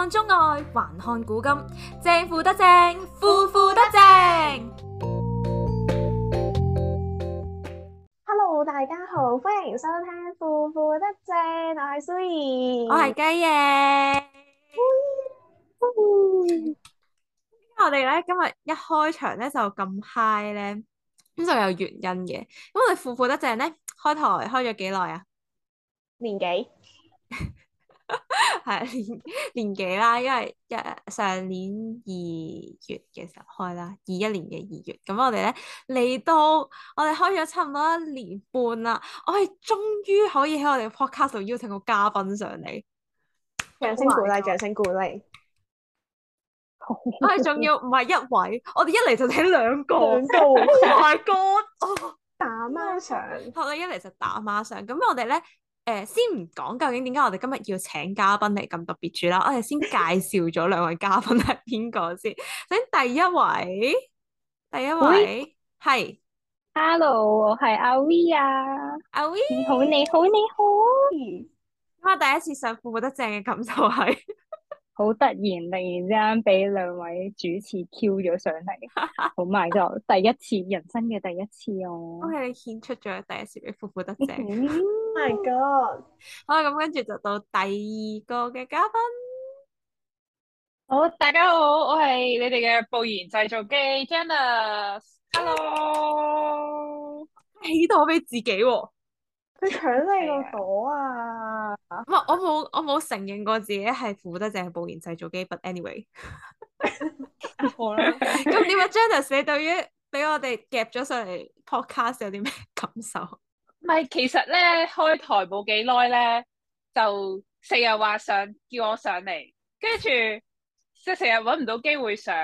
看中外，還看古今。負負得正，腐腐得正。Hello，大家好，歡迎收聽《腐腐得正》，我係蘇怡，我係雞翼。我哋咧今日一開場咧就咁 high 咧，咁就有原因嘅。咁我哋《腐腐得正》咧開台開咗幾耐啊？年幾？係 年年幾啦，因為一上年二月嘅時候開啦，二一年嘅二月。咁我哋咧嚟到，我哋開咗差唔多一年半啦。我哋終於可以喺我哋 podcast 度邀請個嘉賓上嚟，掌聲鼓勵，掌聲鼓勵。我係仲要唔係一位，我哋一嚟就請兩個，兩個、 oh my god 哦，唔係哥，打孖上，係咯，一嚟就打孖上。咁我哋咧。誒，先唔講究竟點解我哋今日要請嘉賓嚟咁特別住啦。我哋先介紹咗兩位嘉賓係邊個先？咁第一位，第一位係喂是，Hello，我係阿 V 啊，阿 V，威你好，你好，你好。我、啊、第一次上腐腐得正嘅感受係，好突然，突然之間俾兩位主持 Q 咗上嚟，好埋單，第一次人生嘅第一次我、哦，我你獻出咗第一次嘅腐腐得正。 Oh、my God！好，咁跟住就到第二個嘅嘉賓。好，oh，大家好，我係你哋嘅暴言製造機 Janice Hello！起鎖俾自己喎，佢搶你個鎖啊！我冇、啊 啊，我冇承認過自己係腐得，淨係暴言製造機。But anyway，好 啦。咁點解、啊、Janice 你對於俾我哋夾咗上嚟 podcast 有啲咩感受？唔係，其實咧，開台冇幾耐咧，就成日話想叫我上嚟，跟住即係成日搵唔到機會上，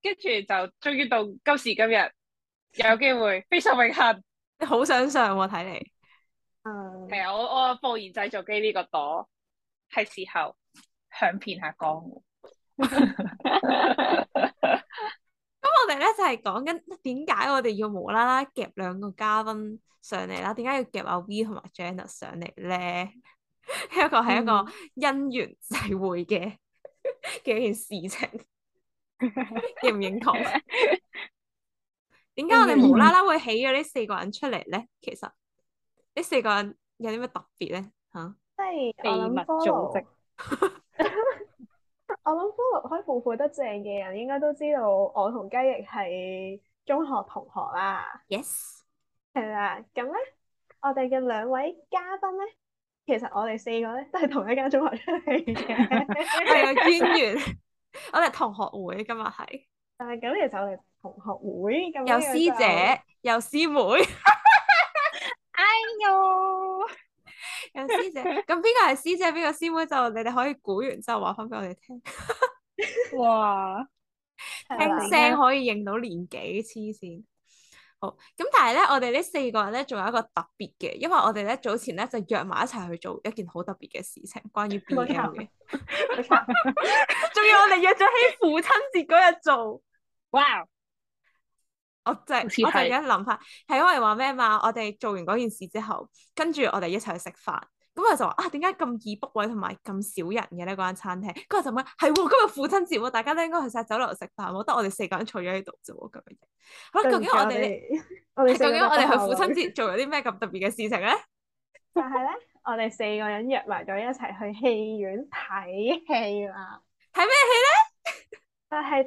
跟住就終於到今時今日有機會，非常榮幸。你好想上喎，啊，睇嚟。嗯，係啊，我我放完製造機呢個朵，係時候響片下江湖。 我哋咧就係講緊點解我哋要無啦啦夾兩個嘉賓上嚟啦？點解要夾阿 V 同埋 Janice 上嚟咧？呢、嗯、 一個係一個因緣際會嘅嘅一件事情， 認唔認同？點解 我哋無啦啦會起咗呢四個人出嚟咧？其實呢四個人有啲咩特別咧？吓是，即係秘密組織。 我諗 follow 開腐腐得正嘅人，應該都知道我同雞翼係中學同學啦。Yes，係啦。咁咧，我哋嘅兩位嘉賓咧，其實我哋四個咧都係同一間中學出嚟嘅，係個淵源。我哋同學會今日係，但係今日就嚟我哋同學會，有師姐，有師妹。哎呦～有師姐，咁邊個係師姐，邊個師妹，就你哋可以估完之後話翻俾我哋聽。哇！聽聲可以認到年紀，黐線。好，咁但係咧，我哋呢四個人咧，仲有一個特別嘅，因為我哋咧早前咧就約埋一齊去做一件好特別嘅事情，關於 BL 嘅。仲 要我哋約咗喺父親節嗰日做。哇！Wow. 我，是我就係，我就有啲諗法，係因為話咩嘛？我哋做完嗰件事之後，跟住我哋一齊去食飯。咁我就話啊，點解咁易 book 位同埋咁少人嘅咧？嗰間餐廳。咁我就問，係喎，今日父親節喎，大家都應該去晒酒樓食飯喎，我覺得我哋四個人坐咗喺度啫喎，咁樣。好啦，究竟我哋，究竟我哋去父親節做咗啲咩咁特別嘅事情咧？就係咧，我哋四個人約埋咗一齊去戲院睇戲啊！睇咩戲咧？就係睇《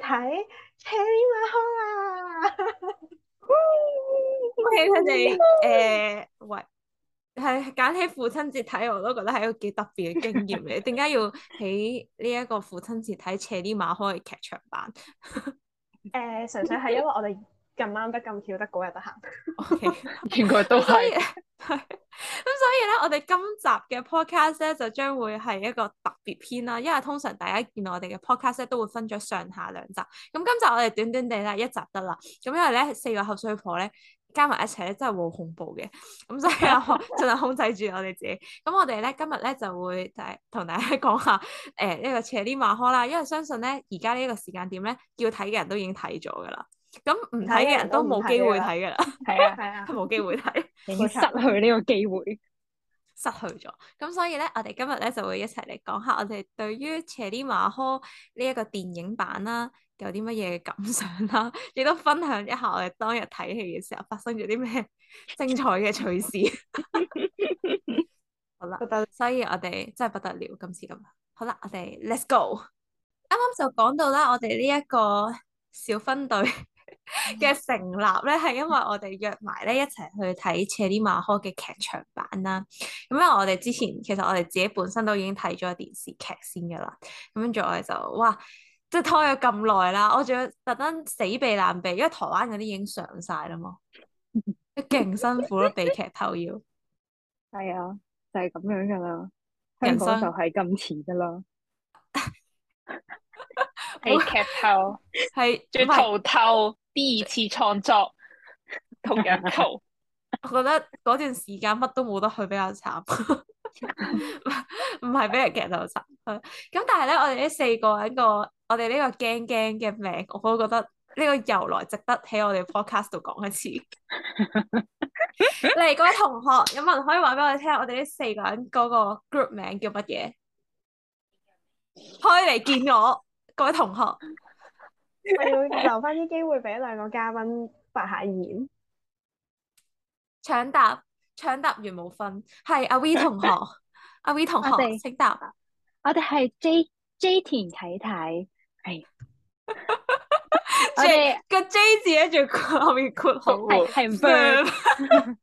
Cherry Magic》啊，！ 睇佢哋誒，喂，係揀喺父親節睇，我都覺得係一個幾特別嘅經驗嚟。點解 要喺呢一個父親節睇《Cherry Magic》嘅劇場版？誒、 呃，純粹係因為我哋， 咁啱得，咁巧得，嗰日得閒，原 來 Okay. 都係。咁所以咧， 以我哋今集嘅 podcast 咧就將會係一個特別篇啦。因為通常大家見我哋嘅 podcast 都會分咗上下兩集，咁今集我哋短短地咧一集得啦。咁因為咧四個口水婆咧加埋一齊咧真係好恐怖嘅，咁所以我盡量控制住我哋自己。咁 我哋咧今日咧就會同大家講下誒呢個斜尼馬科啦。因為相信咧而家呢個時間點咧要睇嘅人都已經睇咗噶啦。咁唔睇嘅人都冇機會睇噶啦，係啊係啊，冇機會睇，要 失去呢個機會，失去咗。咁所以咧，我哋今日咧就會一齊嚟講下我哋對於《Cherimaho》呢、這、一個電影版啦、啊，有啲乜嘢感想啦、啊，亦 都分享一下我哋當日睇戲嘅時候發生咗啲咩精彩嘅趣事。 好啦，所以我哋真係不得了，今次咁。好啦，我哋 Let's go。啱啱就講到啦，我哋呢一個小分隊。嘅成立呢，係因為我哋約埋呢一齊去睇《赤尼馬科》嘅劇場版啦。咁因為我哋之前，其實我哋自己本身都已經睇咗電視劇先噶啦。咁樣再就哇，即係拖咗咁耐啦。我仲要特登死避爛避，因為台灣嗰啲已經上晒啦嘛，即係勁辛苦咯，被劇透要。係啊，就係、是、咁樣噶啦，啦人生香港就係咁遲噶啦，背劇透係最圖偷頭。第二次創作同人圖， 我覺得嗰段時間乜都冇得去，比較慘，唔係俾人夾到慘。咁 但係咧，我哋呢四個人個，我哋呢個驚驚嘅名，我都覺得呢個由來值得喺我哋 podcast 度講一次。嚟 各位同學，有冇人可以話俾我聽下，我哋呢四個人嗰個 group 名叫乜嘢？可以嚟見我，各位同學。 我要留翻啲機會俾兩個嘉賓發下言。搶答，搶答完冇分，係阿 V 同學，阿 V 同學， 請答。我哋係 J J 田啟太，係我個 J 字咧，仲後面括號，係唔係？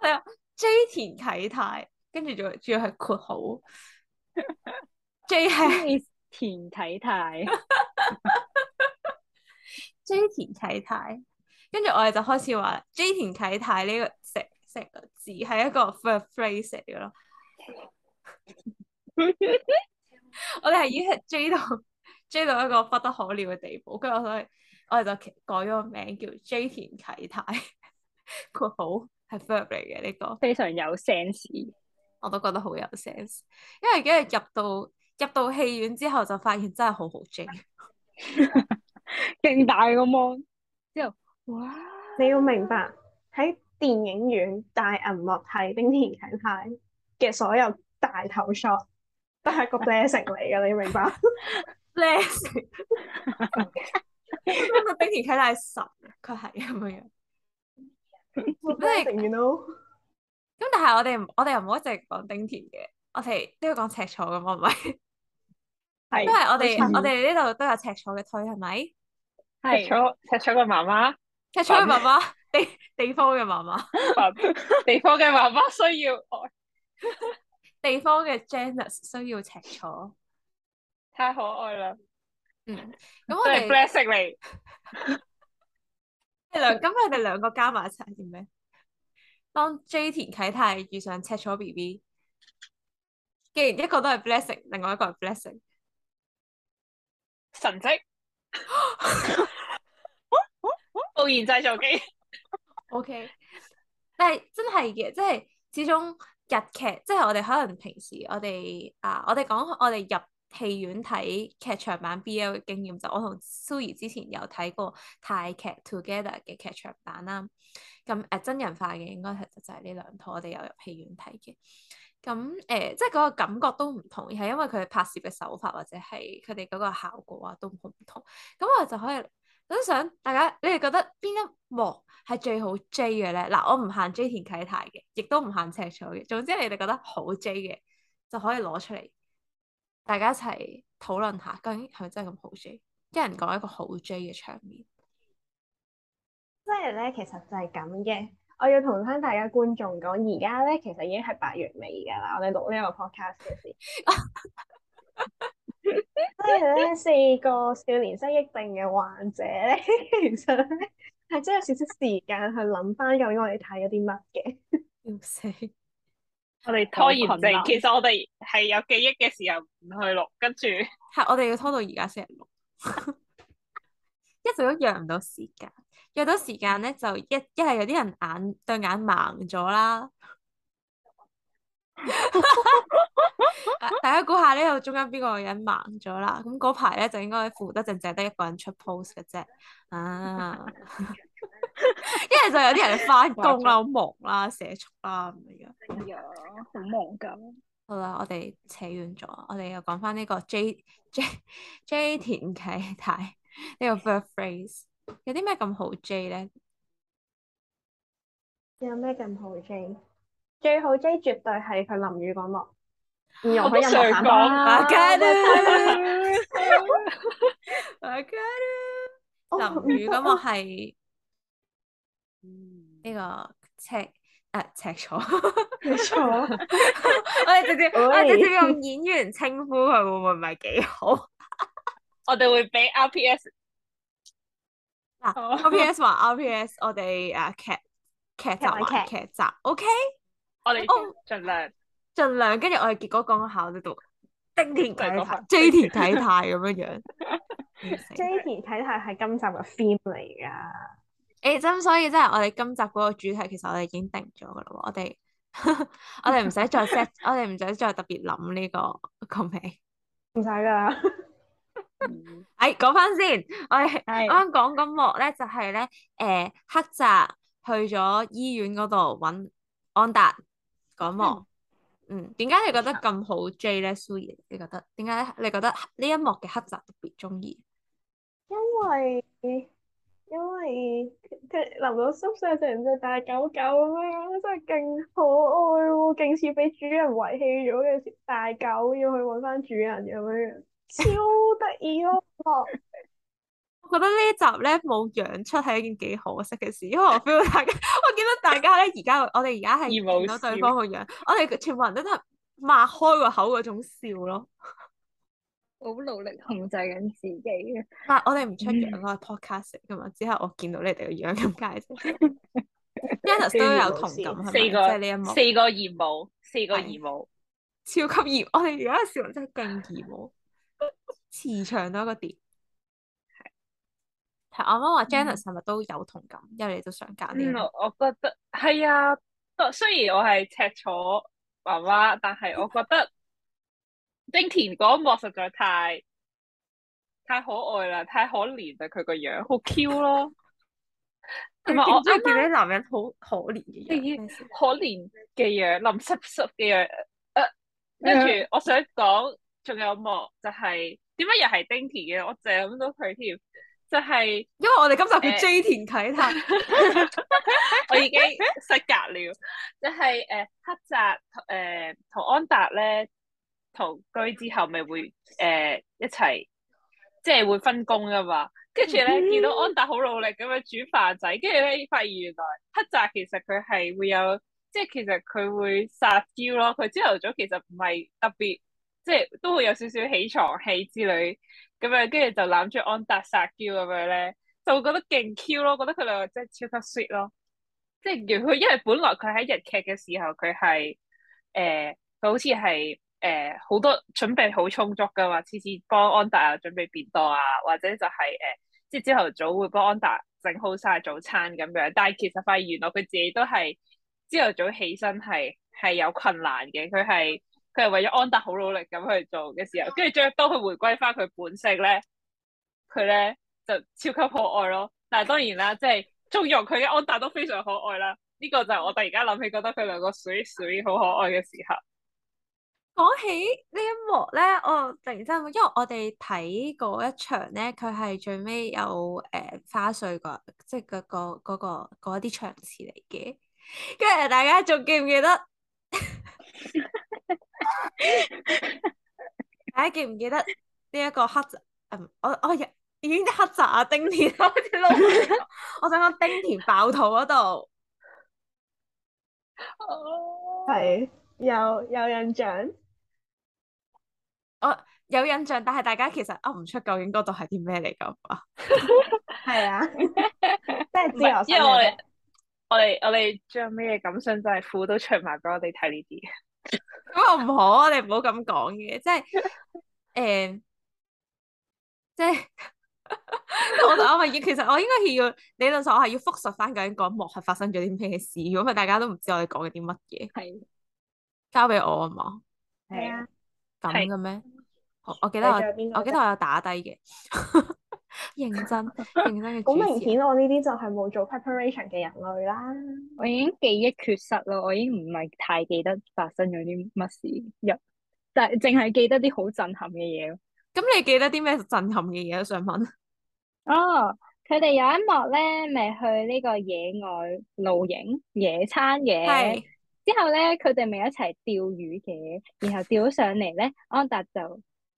係啊 ，J 田啟太，跟住仲仲要係括號，J 係。 J J 田啟泰，追田啟泰，跟住 我哋就開始話追田啟泰呢，這個成成個字係一個 verb phrase 嚟嘅咯。 我哋係已經追到追到一個不得可了嘅地步，跟住我哋我哋就改咗個名叫追田啟泰，括號係 verb 嚟嘅。呢個、這個，非常有 sense，我都覺得好有 sense，因為而家入到。入到戲院之後就發現真係好好正， 勁大個芒。之後，哇！你要明白喺電影院大銀幕係丁田啟太嘅所有大頭 shot 都係個 blessing 嚟嘅， 你要明白？blessing。 丁田啟太係神，佢係咁樣樣。即係，you know。咁但係我哋我哋又唔好一直講丁田嘅，我哋都要講赤楚咁，係咪？因為我哋，我哋呢度都有赤楚嘅推係咪？係，赤楚，赤楚嘅媽媽， 赤楚嘅媽媽，地地方嘅媽媽，地方嘅媽媽需要愛， 地方嘅 Janice 需要赤楚，太可愛啦！ 嗯，咁我哋 Blessing 你，兩咁佢哋兩個加埋一齊係點咩？當 J 田啟太遇上赤楚 B B，既然一個都係 Blessing，另外一個係 Blessing。神蹟，暴言製造機，OK，但係真係嘅，即、就、係、是、始終日劇，即、就、係、是、我哋可能平時我哋啊，我哋講我哋入戲院睇劇場版 BL 嘅經驗就，我同 Suri 之前有睇過泰劇 Together 嘅劇場版啦，咁誒、啊、真人化嘅應該其實就係呢兩套我哋有入戲院睇嘅。咁誒、呃，即係嗰個感覺都唔同，而係因為佢哋拍攝嘅手法或者係佢哋嗰個效果啊都好唔同。咁我就可以都想大家，你哋覺得邊一幕係最好 J 嘅咧？嗱，我唔限 J 田啟泰嘅，亦都唔限赤楚嘅。總之你哋覺得好 J 嘅，就可以攞出嚟，大家一齊討論下究竟係咪真係咁好 J？一人講一個好 J 嘅場面，即係咧，其實就係咁嘅。我要同翻大家觀眾講，而家咧其實已經係八月尾㗎啦。我哋錄 呢一個 podcast 嘅時，所以咧四個少年失憶症嘅患者咧，其實係真有少少時間去諗翻，究竟我哋睇咗啲乜嘅。要死！我哋拖，拖延症，其實我哋係有記憶嘅時候唔去錄，跟住係我哋要拖到而家先去錄， 一直都約唔到時間。約到時間咧，就一一係有啲人眼對眼盲咗啦。 大家估下呢度中間邊個人盲咗啦？咁嗰排咧就應該腐腐得正得一個人出 post 嘅啫。啊，一係就有啲人翻工啦、忙啦、啊、寫速啦咁樣。係、哎、好忙噶。好啦，我哋扯遠咗，我哋又講翻呢個 J J J, J 田啟太呢個 first phrase。有啲咩咁好 J 咧？有咩咁好 J？最好 J 絕對係佢淋雨嗰幕。唔用喺入講。阿嘉淋雨嗰幕係呢 個赤誒、呃、赤楚，沒 我哋直接 我哋直接用演員稱呼佢會唔會唔係幾好？ 我哋會俾 RPS。Ops 話 Ops 我哋誒劇劇集玩劇集，OK？我哋 O 盡量盡量，跟住我哋結果講考度，丁田體態，J 田體態咁樣樣。J 田體態係今集嘅 theme 嚟噶，誒，咁所以即係我哋今集嗰個主題，其實我哋已經定咗噶啦，我哋我哋唔使再 set，我哋唔使再特別諗呢個個名，唔使噶。哎，講翻先，我哋啱講個幕咧，就係咧，誒，黑澤去咗醫院嗰度搵安達講幕，嗯，點解你覺得咁好 Jay 咧？蘇怡，你覺得點解你覺得呢一幕嘅黑澤特別中意？因為因為佢淋到濕晒成隻大狗狗咁樣樣，真係勁可愛喎，勁似俾主人遺棄咗嘅大狗要去搵翻主人咁樣樣。超得意咯！ 我覺得一集呢集咧冇樣出係一件幾可惜嘅事，因為我 feel 大家，我見到大家咧而家我哋而家係見到對方個樣，我哋全部人都係擘開個口嗰種笑咯，好努力控制緊自己啊！但我哋唔出樣咯，係 podcast 噶嘛，之後我見到你哋個樣咁解，Janus 都有同感， 四個， 四個義務，四個義務，超級義，我哋而家嘅笑容真係勁義務。磁場多一個點，係我阿媽話，Jenna 係咪都有同感？因為你都想揀。呢來、嗯、我覺得係啊，雖然我係赤楚媽媽，但係我覺得丁田嗰幕實在太太可愛啦，太可憐啦，佢個樣好 Q 咯。同埋 我啱啱見啲男人好可憐嘅樣、啊，可憐嘅樣，淋濕濕嘅樣，誒、啊，跟住我想講、嗯。仲有幕就係點解又係町田嘅？我凈係諗到佢添，就係、是、因為我哋今集叫町田啟太，呃、 我已經失格了。就係、是、誒、呃、黑澤誒同、呃、安達咧同居之後，咪會誒一齊，即係會分工噶嘛。跟住咧見到安達好努力咁樣煮飯仔，跟住咧發現原來黑澤其實佢係會有，即係其實佢會撒嬌咯。佢朝頭早其實唔係特別。即係都會有少少起床氣之類咁樣，跟住就攬住安達撒嬌咁樣咧，就會覺得勁 Q 咯，覺得佢兩個真係超級 sweet 咯。即係原來佢因為本來佢喺日劇嘅時候，佢係誒佢好似係誒好多準備好充足噶嘛，次次幫安達準備便當啊，或者就係誒即係朝頭早會幫安達整好晒早餐咁樣。但係其實發現原來佢自己都係朝頭早起身係係有困難嘅，佢係。佢係為咗安達好努力咁去做嘅時候，跟住將當佢回歸翻佢本色咧，佢咧就超級可愛咯。但係當然啦，即係縱容佢嘅安達都非常可愛啦。呢、這個就係我突然間諗起，覺得佢兩個水水好可愛嘅時候。講起呢一幕咧，我突然間，因為我哋睇嗰一場咧，佢係最尾有誒、呃、花絮、那個，即係嗰個嗰個啲場次嚟嘅。跟住大家仲記唔記得？ 大家記唔記得呢一個黑？唔、嗯，我我已、啊、已經黑澤啊，丁田， 我想講丁田爆肚嗰度，係 有有印象。我、 啊、有印象，但係大家其實噏唔、哦、出究竟嗰度係啲咩嚟噶？係 啊，即係之後，因為我哋我哋將咩感想真係褲都唱埋俾我哋睇呢啲。唔好、 啊，你唔好咁講嘅，即係誒、欸，即係 我同阿文其實我應該要，理論上，我係要複述翻究竟嗰幕係發生咗啲咩事，如果唔係大家都唔知我哋講緊啲乜嘢。係，交俾我啊嘛。係啊的，咁嘅咩？我記得我，我記得我有打低嘅。 認真，認真好 明顯，我呢啲就係冇做 preparation 嘅人類啦。我已經記憶缺失咯，我已經唔係太記得發生咗啲乜事一，但係淨係記得啲好震撼嘅嘢咯。咁你記得啲咩震撼嘅嘢都想問？ 哦，佢哋有一幕咧，咪去呢個野外露營野餐嘅，是之後咧佢哋咪一齊釣魚嘅，然後釣上嚟咧，安達就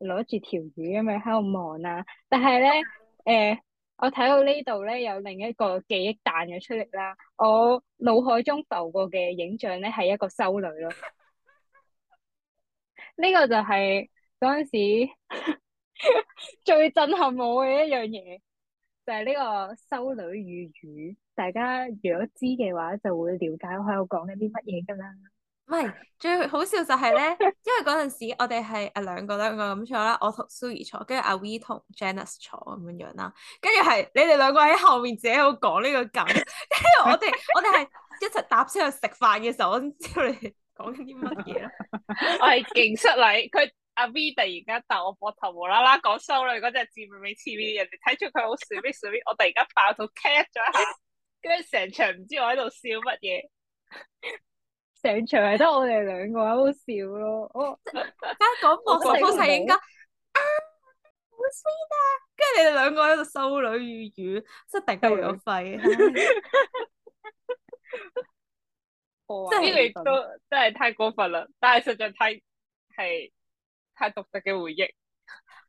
攞住條魚咁樣喺度望啦，但係咧。 誒，我睇到呢度咧有另一個記憶彈嘅出嚟啦，我腦海中浮過嘅影像咧係一個修女咯，呢 個就係嗰陣時 最震撼我嘅一樣嘢，就係、是、呢個修女遇雨，大家如果知嘅話就會了解我有講緊啲乜嘢噶啦。唔係最好笑就係咧，因為嗰陣時我哋係啊兩個兩個咁坐啦，我同 Suey 坐，跟住阿 V 同 Janice 坐咁樣樣啦，跟住係你哋兩個喺後面自己喺度講呢個梗，跟住 我哋我哋係一齊搭車去食飯嘅時候，我先知道你哋講緊啲乜嘢，我係勁失禮，佢阿 V 突然間彈我膊頭，無啦啦講修女嗰隻字，咪咪黐 B，人哋睇出佢好 sweet sweet 我突然間爆到 cat 咗一下，跟住成場唔知我喺度笑乜嘢。成場係得我哋兩個好笑咯，oh, 我而家講莫國兇細影啊，老師啊！跟住你哋兩個喺度修女遇雨，真定頂有肺。哦，即係你都真係太過分啦！但係實在太係太獨特嘅回憶。的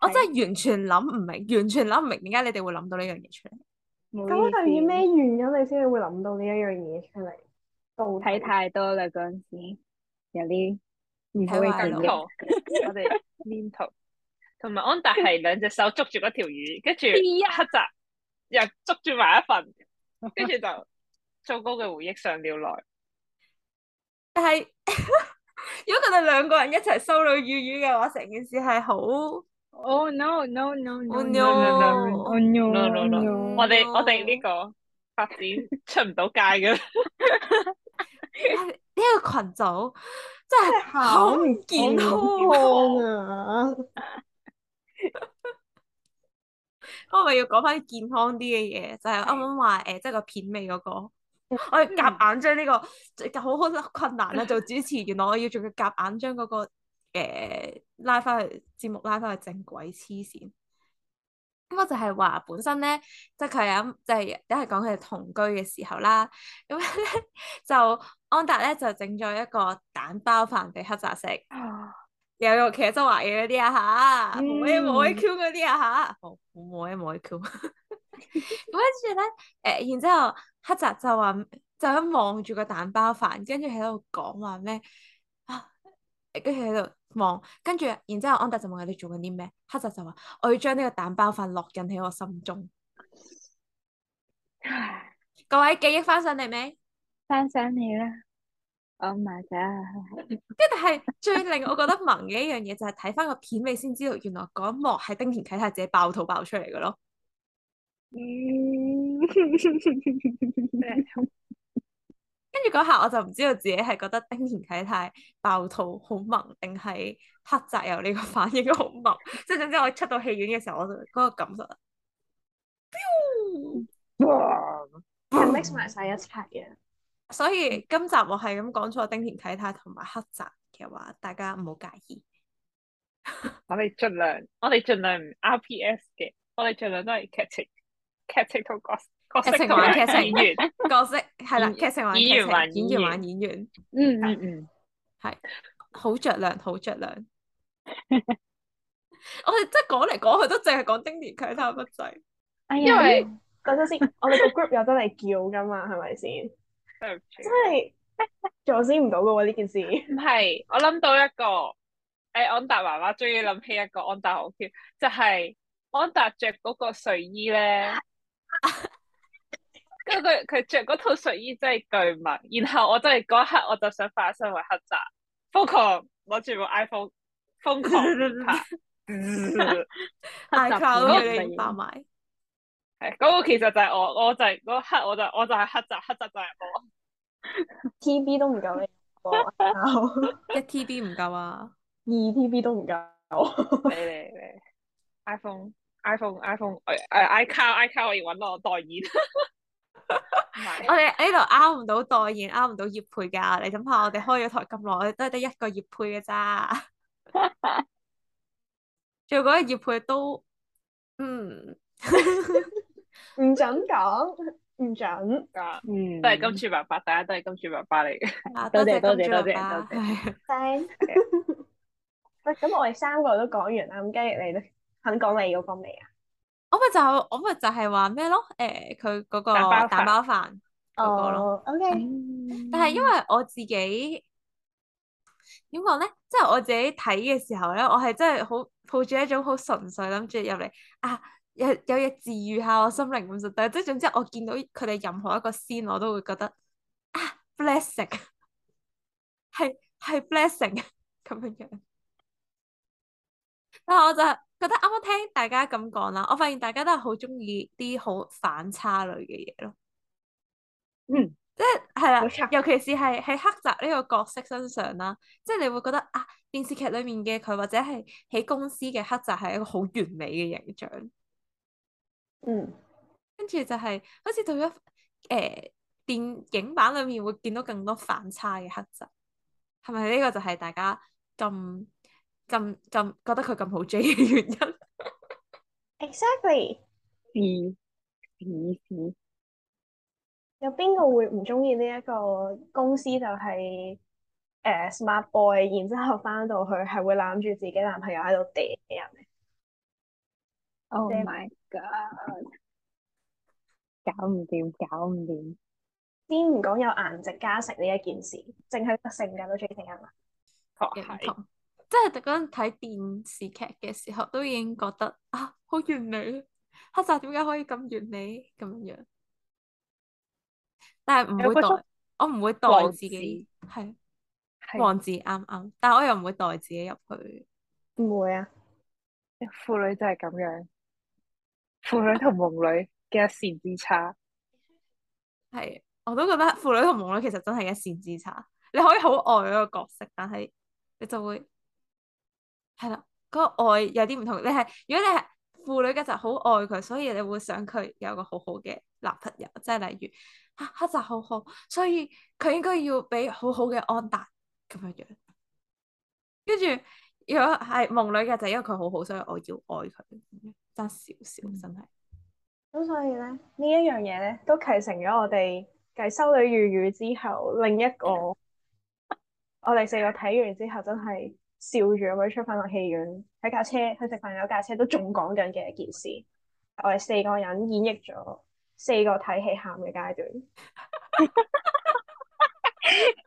我真係完全諗唔明，完全諗唔明點解你哋會諗到呢樣嘢出嚟。咁係要咩原因你先至會諗到呢一樣嘢出嚟？睇太多啦嗰陣時，好啊、Nintendo，有啲唔可以咁多。我哋黏頭，同埋安達係兩隻手捉住嗰條魚，跟住黑澤又捉住埋一份，跟住就糟糕嘅回憶上了來。但係，如果佢哋兩個人一齊收魚魚魚嘅話，成件事係好。Oh no no no no no no、oh, no. no no no！我哋我哋呢個發展出唔到街㗎。呢 個群組真係好唔健康啊！ 我咪要講翻健康啲嘅嘢，就係啱啱話誒，即係是、呃就是、個片尾嗰、那個， 我夾硬將呢個好好困難啦。做主持，原來我要做佢夾硬將嗰個誒拉翻去節目，拉翻去，拉去正軌，黐線。咁、嗯、我就係話本身咧，即係佢係咁，即係一係講佢係同居嘅時候啦。咁咧 就。安達咧就整咗一個蛋包飯俾黑澤食，又、啊、有個茄汁畫嘢嗰啲啊吓，冇咩冇 IQ 嗰啲啊吓，冇冇咩冇 q 咁跟住咧，誒，然之後黑澤就話，就喺望住個蛋包飯，跟住喺度講話咩啊？跟住喺度望，跟住，然之後安達就問佢哋做緊啲咩，黑澤就話，我要將呢個蛋包飯落印喺我心中。啊、各位記憶翻上嚟未？翻醒你啦，Oh my God，跟住係最令我覺得萌嘅一樣嘢，就係睇翻個片尾先知道，原來嗰一幕係丁田啟泰自己爆肚爆出嚟嘅咯。嗯、 跟住嗰下我就唔知道自己係覺得丁田啟泰爆肚好萌，定係黑澤由呢個反應都好萌？即係總之我出到戲院嘅時候，我就嗰個感受。哇！係 mix 埋晒一齊啊？所以今集我係咁講咗町田啟太同埋黑澤嘅話，大家唔好介意。 我哋盡量，我哋盡量唔 RPS 嘅，我哋盡量都係劇情，劇情同角角色玩，演員角色係啦，劇情玩演員，演員玩演員，嗯嗯嗯，係好着量，好着量。 我哋即係講嚟講去都淨係講町田啟太，不濟、哎呦。因為等咗等先， 我哋個 group 有得你叫噶嘛，係咪先？真係阻止唔到㗎喎呢件事。唔係，我諗到一個，誒安達媽媽終於諗起一個安達好貼，就係安達着嗰個睡衣咧，跟住佢着嗰套睡衣真係巨密，然後我真係嗰一刻我就想化身為黑澤，瘋狂攞住部 iPhone 瘋狂拍，黑澤都叫埋。係、嗰個其實就係我，我就係嗰刻我就是、我就係黑澤，黑澤就係我。T B 都唔夠嘅，一 T B 唔夠啊，二 T B 都唔夠。嚟 嚟嚟，iPhone，iPhone，iPhone，誒誒，iCloud，iCloud，我要搵我代言。 是不是我哋呢度 out 唔到代言，out 唔到業配㗎，你諗下我哋開咗台咁耐，都係得一個業配嘅咋？做嗰個業配都，嗯。 唔准講，唔准嗯、啊，都係金豬爸爸，大家都係金豬爸爸嚟嘅。多謝多謝多謝多謝 thank 喂，咁我哋三個都講完啦，咁跟住你咧肯講，你要講未啊？我咪就我咪就係話咩咯？誒、呃，佢嗰個蛋包飯嗰個咯。哦、o、okay. K，但係因為我自己點講咧？即係、就是、我自己睇嘅時候咧，我係真係好抱住一種好純粹諗住入嚟啊。有有嘢治愈下我心靈咁實際，即係總之我見到佢哋任何一個先，我都會覺得啊，blessing，係係 blessing 咁樣樣。但我就覺得啱啱聽大家咁講啦，我發現大家都係好中意啲好反差類嘅嘢咯。嗯，即係係啦，尤其是係喺黑澤呢個角色身上啦，即係你會覺得啊，電視劇裏面嘅佢或者係喺公司嘅黑澤係一個好完美嘅形象。嗯，跟住就係，好似到咗誒電影版裏面會見到更多反差嘅黑澤，係咪呢個就係大家咁咁咁覺得佢咁好追嘅原因？Exactly。有邊個會唔中意呢一個公司？就係誒 Smart Boy，然之後翻到去係會攬住自己男朋友喺度嗲人嘅。哦，搞唔掂，搞唔掂。先唔講有顏值加成呢一件事，淨係個性格都最吸引啦。確係，即係特嗰陣睇電視劇嘅時候，都已經覺得啊，好完美。黑澤點解可以咁完美咁樣，但係唔會代，我唔會代自己係。王子啱啱，但係我又唔會代自己入去。唔會啊！腐女就係咁樣。父女同夢女嘅一線之差，係 我都覺得腐女同夢女其實真係一線之差。你可以好愛嗰個角色，但係你就會係啦，嗰、嗰個愛有啲唔同。你係如果你係腐女嘅，就好愛佢，所以你會想佢有個好好嘅男朋友，即係例如啊黑澤好好，所以佢應該要俾好好嘅安達咁樣樣。跟住如果係夢女嘅，就因為佢好好，所以我要愛佢。得少少，真係。咁所以咧，呢一樣嘢咧，都啟成咗我哋繼《修女遇雨》之後另一個， 我哋四個睇完之後真係笑住，咁樣出返個戲院，喺架車去食飯，有架車都仲講緊嘅一件事。我哋四個人演繹咗四個睇戲喊嘅階段。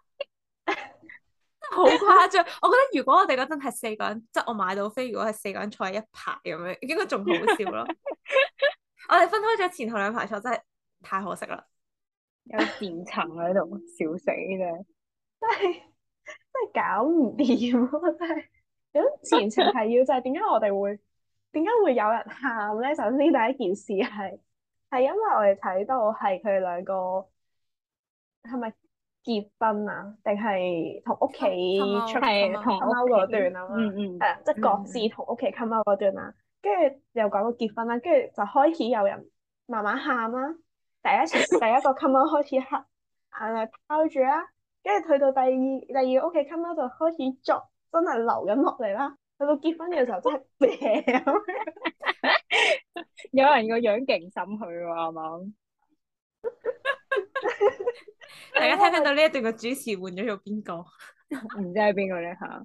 好誇張！ 我覺得如果我哋嗰陣係四個人，即、就、係、是、我買到飛，如果係四個人坐喺一排咁樣，應該仲好笑咯。 我哋分開咗前後兩排坐，真係太可惜啦。 有電層喺度，笑死咧！真係真係搞唔掂，真係咁前程係要就係點解我哋會，點解 會有人喊咧？首先第一件事係係因為我哋睇到係佢哋兩個係咪？是結婚啊，定係同屋企係同屋嗰段啊，嗯嗯，係、嗯啊、即係各自同屋企 come out 嗰段啊。嗯、跟住又講到結婚啦、啊，跟住就開始有人慢慢喊啦、啊，第一第一個 come out 開始喊， 眼淚拋住啦，跟住去到第二第二屋企 come out 就開始作，真係流緊落嚟啦，去到結婚嘅時候真係病、啊， 有人個樣勁深去喎，係嘛？ 大家聽唔聽到呢一段嘅主持換咗做邊個？唔 知係邊個咧，係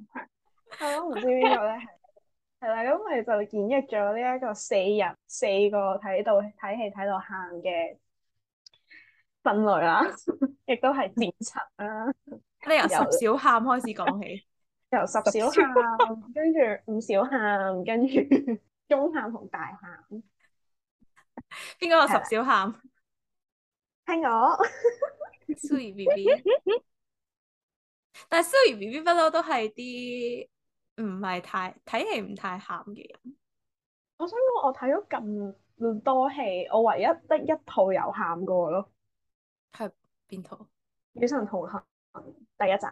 係咯，唔知邊個咧，係係啦，咁咪就演繹咗呢一個四人四個睇到睇戲睇到喊嘅分類啦，亦都係剪輯啊， 由十 小喊開始講起，由十小喊，跟住五小喊，跟住中喊同大喊，邊個有十小喊？吧 聽我。 s 蘇 y B B，但係蘇 y B B 不嬲都係啲唔係太睇戲唔太喊嘅人。我想講我睇咗咁多戲，我唯一得一,一套有喊過咯。係邊套？《與神同行》第一集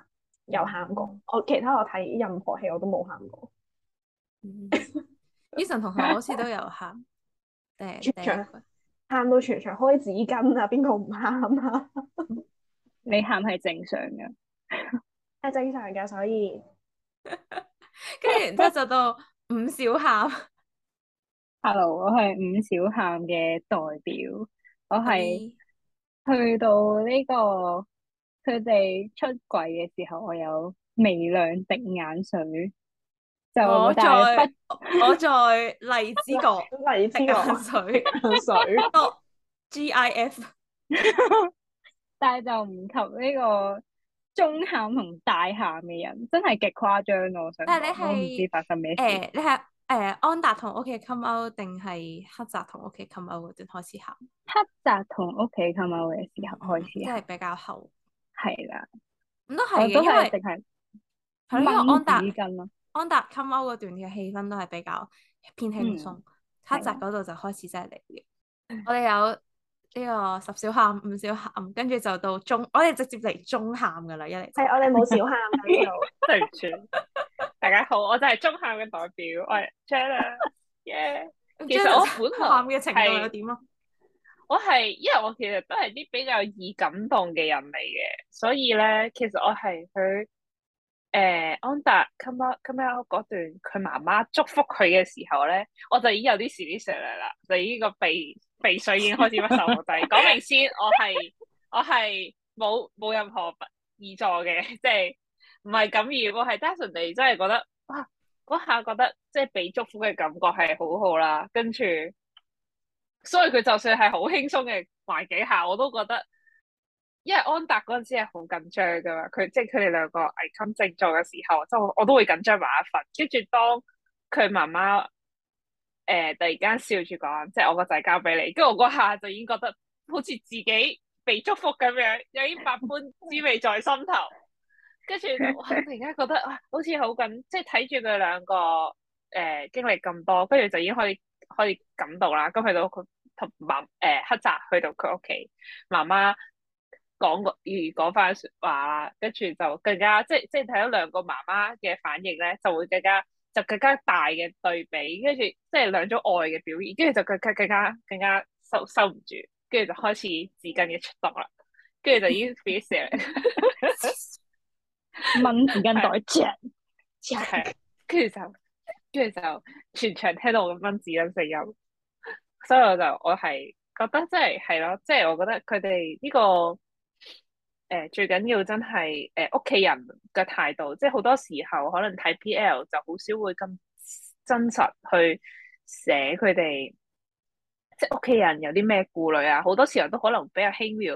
有喊過，我其他我睇任何戲我都冇喊過。《與神同行》好似都有喊，誒，全場喊場到全場開紙巾啊！邊個唔喊啊？ 你喊係正常噶，係正常噶，所以，跟住然之後就到五小喊，Hello，我係五小喊嘅代表，我係去到呢個佢哋出櫃嘅時候，我有微量滴眼水，就我再 我再荔枝角， 荔枝角眼水水多 GIF。 G IF. 但係就唔及呢個中喊同大喊嘅人，真係極誇張咯！我想，但係你係發生咩誒，你係誒安達同屋企溝溝定係黑澤同屋企溝溝嗰段開始喊？黑澤同屋企溝溝嘅時候開始，即係比較後。係啦，咁都係，因為係呢個安達安達溝溝嗰段嘅氣氛都係比較偏輕鬆，黑澤嗰度就開始真係嚟嘅。我哋有。呢個十小喊、五小喊，跟住就到中，我哋直接嚟中喊㗎啦，一嚟。係，我哋冇小喊喺度。對唔住，大家好，我就係中喊嘅代表， 我係 Chandler 耶。其實我本喊嘅情況又點啊？我係因為我其實都係啲比較易感動嘅人嚟嘅，所以咧，其實我係佢誒安達，come out, come out 嗰段，佢媽媽祝福佢嘅時候咧，我就已經有啲 saliva 啦，就已經個鼻。鼻水已經開始不受控制，講明先，我係我係冇冇任何協助嘅，即係唔係噉，如果係單純哋真係覺得哇嗰下覺得即係被祝福嘅感覺係好好啦，跟住所以佢就算係好輕鬆嘅環境下，我都覺得因為安達嗰陣時係好緊張㗎嘛，佢即係佢哋兩個危襟靜坐嘅時候，即係我都會緊張埋一份，跟住當佢媽媽。誒、呃，突然間笑住講，即係我個仔交俾你，跟住我嗰下就已經覺得好似自己被祝福咁樣，有啲百般滋味在心頭。跟住我突然間覺得啊、呃，好似好緊，即係睇住佢兩個誒、呃、經歷咁多，跟住就已經可以可以感到啦。咁去到佢同母誒黑澤去到佢屋企，媽媽講個如講翻說話啦，跟住就更加即係即係睇到兩個媽媽嘅反應咧，就會更加。就更加大嘅對比，跟住即係兩種愛嘅表現，跟住就更更更加更加收收唔住，跟住就開始紙巾嘅出動啦，跟住就已經飛成掹紙巾袋著，係，跟住就跟住就全場聽到我咁掹紙巾聲音，所以我就我係覺得即係係咯，即係、即係、我覺得佢哋呢個。誒，最緊要真係誒，屋企人嘅態度，即係好多時候可能睇 BL 就好少會咁真實去寫佢哋，即係屋企人有啲咩顧慮啊。好多時候都可能比較輕描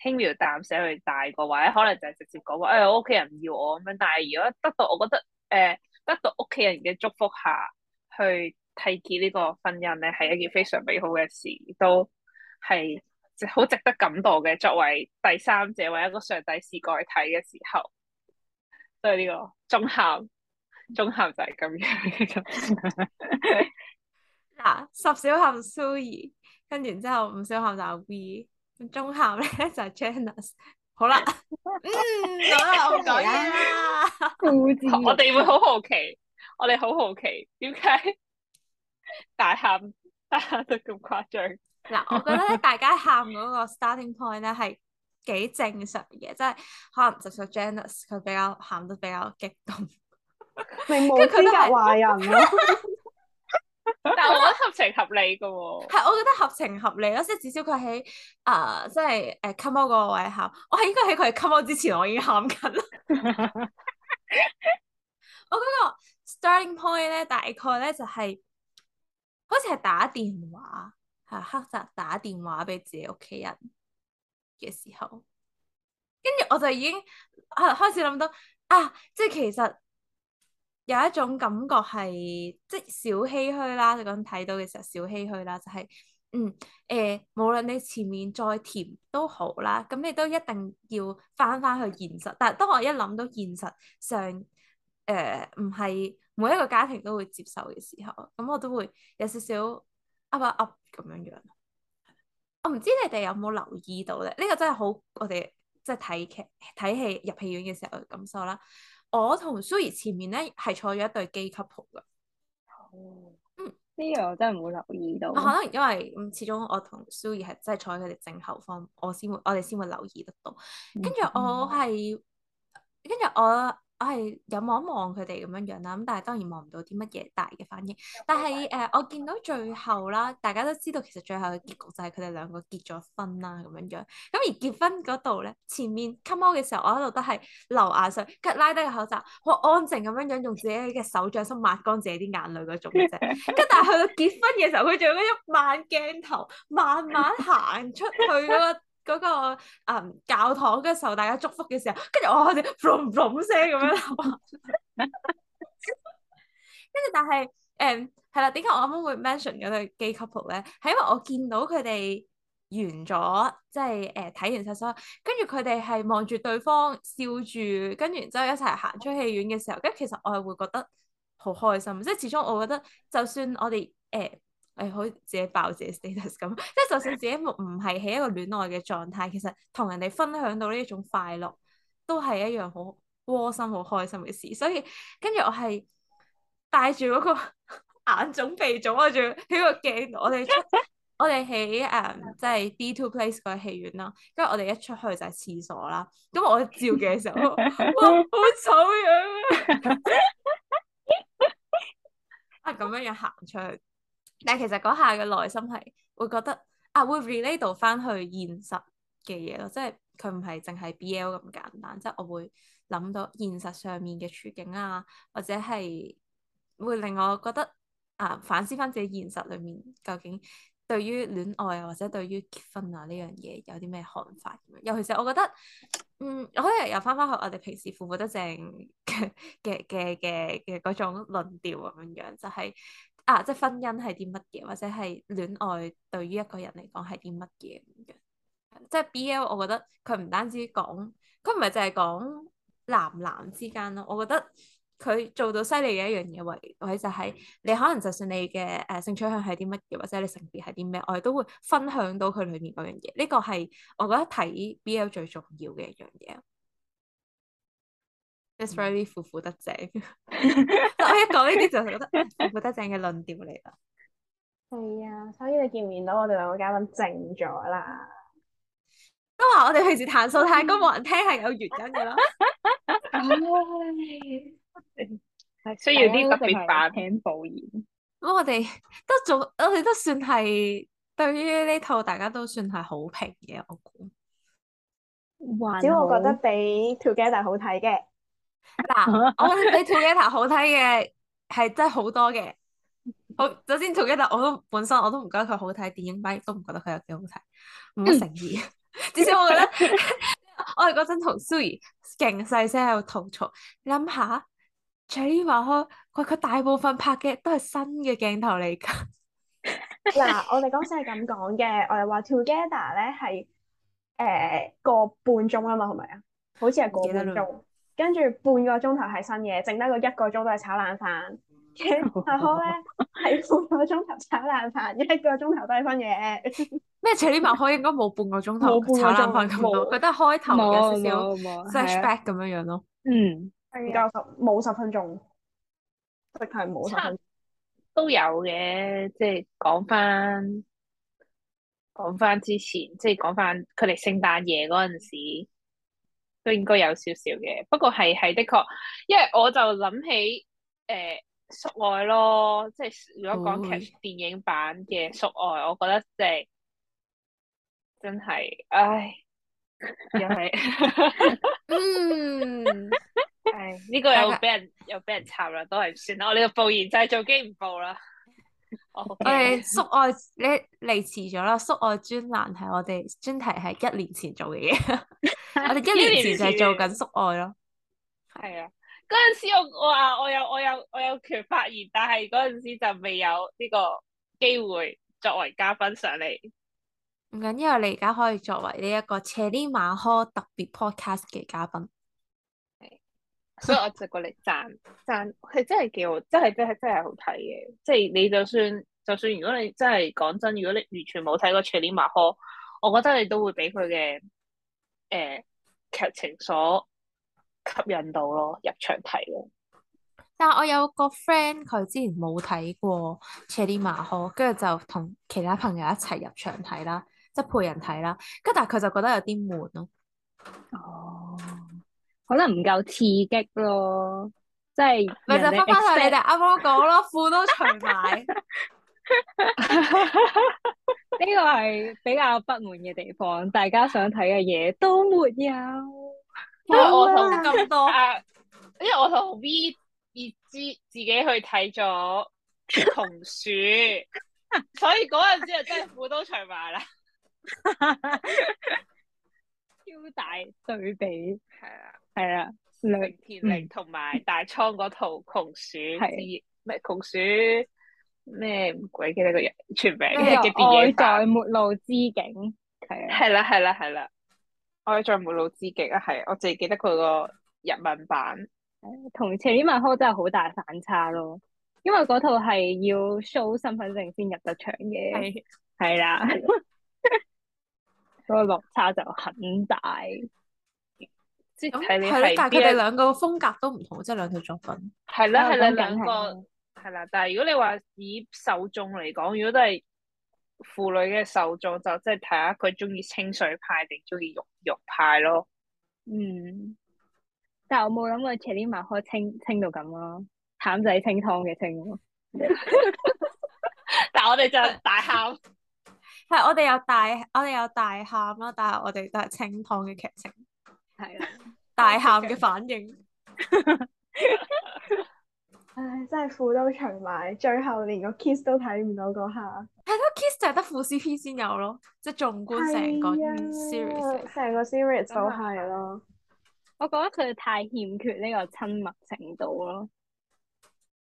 輕描淡寫去帶過，或者可能就係直接講話，誒，我屋企人唔要我咁樣。但係如果得到我覺得誒、呃、得到屋企人嘅祝福下，下去締結呢個婚姻咧，係一件非常美好嘅事，都係。好值得感動嘅，作為第三者，或者一個上帝視角去睇嘅時候，都係呢個中喊，中喊就係咁樣。嗱、 啊，十小喊蘇怡，i，跟住之後五小喊就 V，中喊咧就係、Janus 好啦，嗯，好啦，我講我哋會好好奇，我哋好好奇，點解大喊？喊得咁誇張？嗱，我覺得咧，大家喊嗰個 starting point 咧係幾正常嘅，即係可能就算 Janus 佢比較喊得比較激動，明冇資格話人咯。但係我覺得合情合理嘅喎，係我覺得合情合理咯，即係至少佢喺誒即係誒 come out 嗰個位喊，我係應該喺佢 come out 之前，我已經喊緊啦。我嗰個 starting point 咧，大概咧就係好似係打電話。係黑澤打電話俾自己屋企人嘅時候，跟住我就已經開開始諗到啊，即係其實有一種感覺係，即係小唏噓啦。你咁睇到嘅時候，小唏噓啦，就係、是、嗯誒、呃，無論你前面再甜都好啦，咁你都一定要返返去現實。但係當我一諗到現實上誒，呃、唔係每一個家庭都會接受嘅時候，咁我都會有少少。up up up 咁樣樣，我唔知你哋有冇留意到咧？呢、這個真係好，我哋即係睇劇、睇戲、入戲院嘅時候嘅感受啦。我同 Suri 前面咧係坐咗一對基 couple 㗎哦，嗯，呢個我真係冇留意到。可能、 哦、因為咁，始終我同 Suri 係真係坐喺佢哋正後方，我先會，我哋先會留意得到。跟住我係，跟住、嗯、我。我係有望一望佢哋咁樣樣啦，咁但係當然望唔到啲乜嘢大嘅反應。但係誒、 呃，我見到最後啦，大家都知道其實最後嘅結局就係佢哋兩個結咗婚啦咁樣樣。咁而結婚嗰度咧，前面 come out 嘅時候，我喺度都係流眼水，跟住拉低個口罩，好安靜咁樣樣用自己嘅手掌心抹乾自己啲眼淚嗰種啫。跟 但係去到結婚嘅時候，佢仲要喐慢鏡頭，慢慢行出去。嗰、那個嗰、嗰個、嗯、教堂，跟住受大家祝福嘅時候，跟住、哦 嗯、我開始 boom boom 聲咁樣，跟住但係誒係啦，點解我啱啱會 mention 嗰對 gay couple 咧？係因為我見到佢哋完咗，即係誒睇完實《殺生》，跟住佢哋係望住對方笑住，跟住然之後一齊行出戲院嘅時候，咁其實我係會覺得好開心，即係始終我覺得，就算我哋誒。呃誒、哎，好似自己爆自己 status 咁，即係就算自己唔係喺一個戀愛嘅狀態，其實同人哋分享到呢一種快樂，都係一樣好窩心、好開心嘅事。所以跟住我係戴住個眼腫、鼻腫啊，仲要喺個鏡度，我哋出， 我哋喺誒，即、um, 係 D Two Place 嗰個戲院啦。跟住我哋一出去就係廁所啦。咁我照嘅時候，哇，好醜樣啊，咁 樣樣行出去。但係其實嗰下嘅內心係會覺得啊，會 relate 到翻去現實嘅嘢咯，即係佢唔係淨係 BL 咁簡單，即係我會諗到現實上面嘅處境啊，或者係會令我覺得啊反思翻自己現實裡面究竟對於戀愛啊或者對於結婚啊呢樣嘢有啲咩看法咁樣，尤其是我覺得嗯，可能又翻返去我哋平時父母得正嘅嘅嘅嘅嘅嗰種論調咁樣，就係、是。啊！即係婚姻係啲乜嘢？或者係戀愛對於一個人嚟講係啲乜嘢嘅。即係 B L，我覺得佢唔單止講，佢唔係淨係講男男之間咯。我覺得佢做到犀利嘅一樣嘢，或者就係、是、你可能就算你嘅誒性取向係啲乜嘢，或者你性別係啲咩，我哋都會分享到佢裏面嗰樣嘢。呢個係我覺得睇 B L 最重要嘅一樣嘢。It's very 腐腐得正，我一講呢啲就覺得腐腐得正嘅論調嚟啦。係啊，所以你見面到我哋兩個嘉賓靜咗啦。都話我哋平時彈數太高，冇人聽係有原因嘅咯。係需要啲特別版保險。咁我哋都做， 我哋都算係對於呢套大家都算係好評嘅，我估。好 只要我覺得比《條街大》好睇嘅。嗱，我覺得對《Together》好睇嘅係真係好多嘅。我首先《Together》，我都本身我都唔覺得佢好睇，電影版亦都唔覺得佢有幾好睇，五成二。嗯、至少我覺得 我哋嗰陣同 Suri 勁細聲喺度吐槽，諗下 trailer 佢大部分拍嘅都係新嘅鏡頭嚟噶。嗱，我哋剛先係咁講嘅，我又話《Together》咧係誒個半鐘啊嘛，係咪啊？好似係個半鐘。跟住半個鐘頭係新嘢，剩低個一個鐘都係炒冷飯。麥可咧係半個鐘頭炒冷飯，一個鐘頭都係新嘢。咩 c h a r l 應該冇半個鐘頭 炒冷飯咁多，佢有得開頭有少少 flashback 咁樣樣咯。嗯、no, no , no, 的，係十，冇十分鐘，即係冇都有嘅。即係講翻，講翻之前，即係講翻佢哋聖誕夜嗰陣時。都應該有少少嘅，不過係係的確，因為我就諗起誒《叔愛》咯，即係如果講劇電影版嘅《叔愛》，我覺得真係，唉，又係，唉，呢個又俾人又俾人插啦，都係算啦，我呢個暴言製造機唔暴啦。Okay. 我哋宿愛你嚟遲咗啦，宿愛專欄係我哋專題係一年前做嘅嘢， 我哋一年前就係做緊宿愛咯。係 啊，嗰陣時我話我有我有我有，我有權發言，但係嗰陣時就未有呢個機會作為嘉賓上嚟。唔緊要，因為你而家可以作為呢一個 Cherry Magic 特別 podcast 嘅嘉賓。所以我就過嚟讚讚，佢真係幾好，真係真係真係好睇嘅。即係你就算就算，如果你真係講真，如果你完全冇睇過《Cherimaho》，我覺得你都會俾佢嘅誒劇情所吸引到咯，入場睇咯。但係我有個 friend 佢之前冇睇過《Cherimaho》，跟住就同其他朋友一齊入場睇啦，即係陪人睇啦。跟但係佢就覺得有啲悶咯。哦。可能唔夠刺激咯，即係咪就翻翻去你哋啱啱講咯，褲 都除埋。呢 個係比較不滿嘅地方，大家想睇嘅嘢都沒有。因為我同咁多，因為我同 V 葉知自己去睇咗桐樹， 所以嗰陣時啊真係褲都除埋啦，超 大對比係啊。係啦，梁天明同埋大倉嗰套《窮鼠係咩窮鼠咩唔鬼》記得個全名嘅電影版《愛在末路之境》係啊，係啦係啦係啦，《愛在末路之極》啊，係我淨係記得佢個日文版，同《c h a r 真係好大反差咯，因為嗰套係要 show 身份證先入得場嘅，係啦，嗰個落差就很大。即係、嗯、你係咧，但係佢哋兩個風格都唔同，嗯、即係兩套作品。係啦、嗯，係啦，兩個，係啦。但係如果你話以受眾嚟講，如果都係婦女嘅受眾，就即係睇下佢鍾意清水派定鍾意肉肉派咯。嗯。但係我冇諗過 Cherry Magic 可以清清到咁啦，譚仔清湯嘅清。 但係我哋就大喊。係， 我哋有大，我哋有大喊啦。但係我哋都係清湯嘅劇情。係啦。 大喊嘅反應， 唉，真係褲都除埋，最後連個 kiss 都睇唔到嗰下。係咯，kiss 就係得副 C P 先有咯，即係縱觀成個 series，成、啊、個 series、嗯、都係咯。我覺得佢哋太欠缺呢個親密程度咯。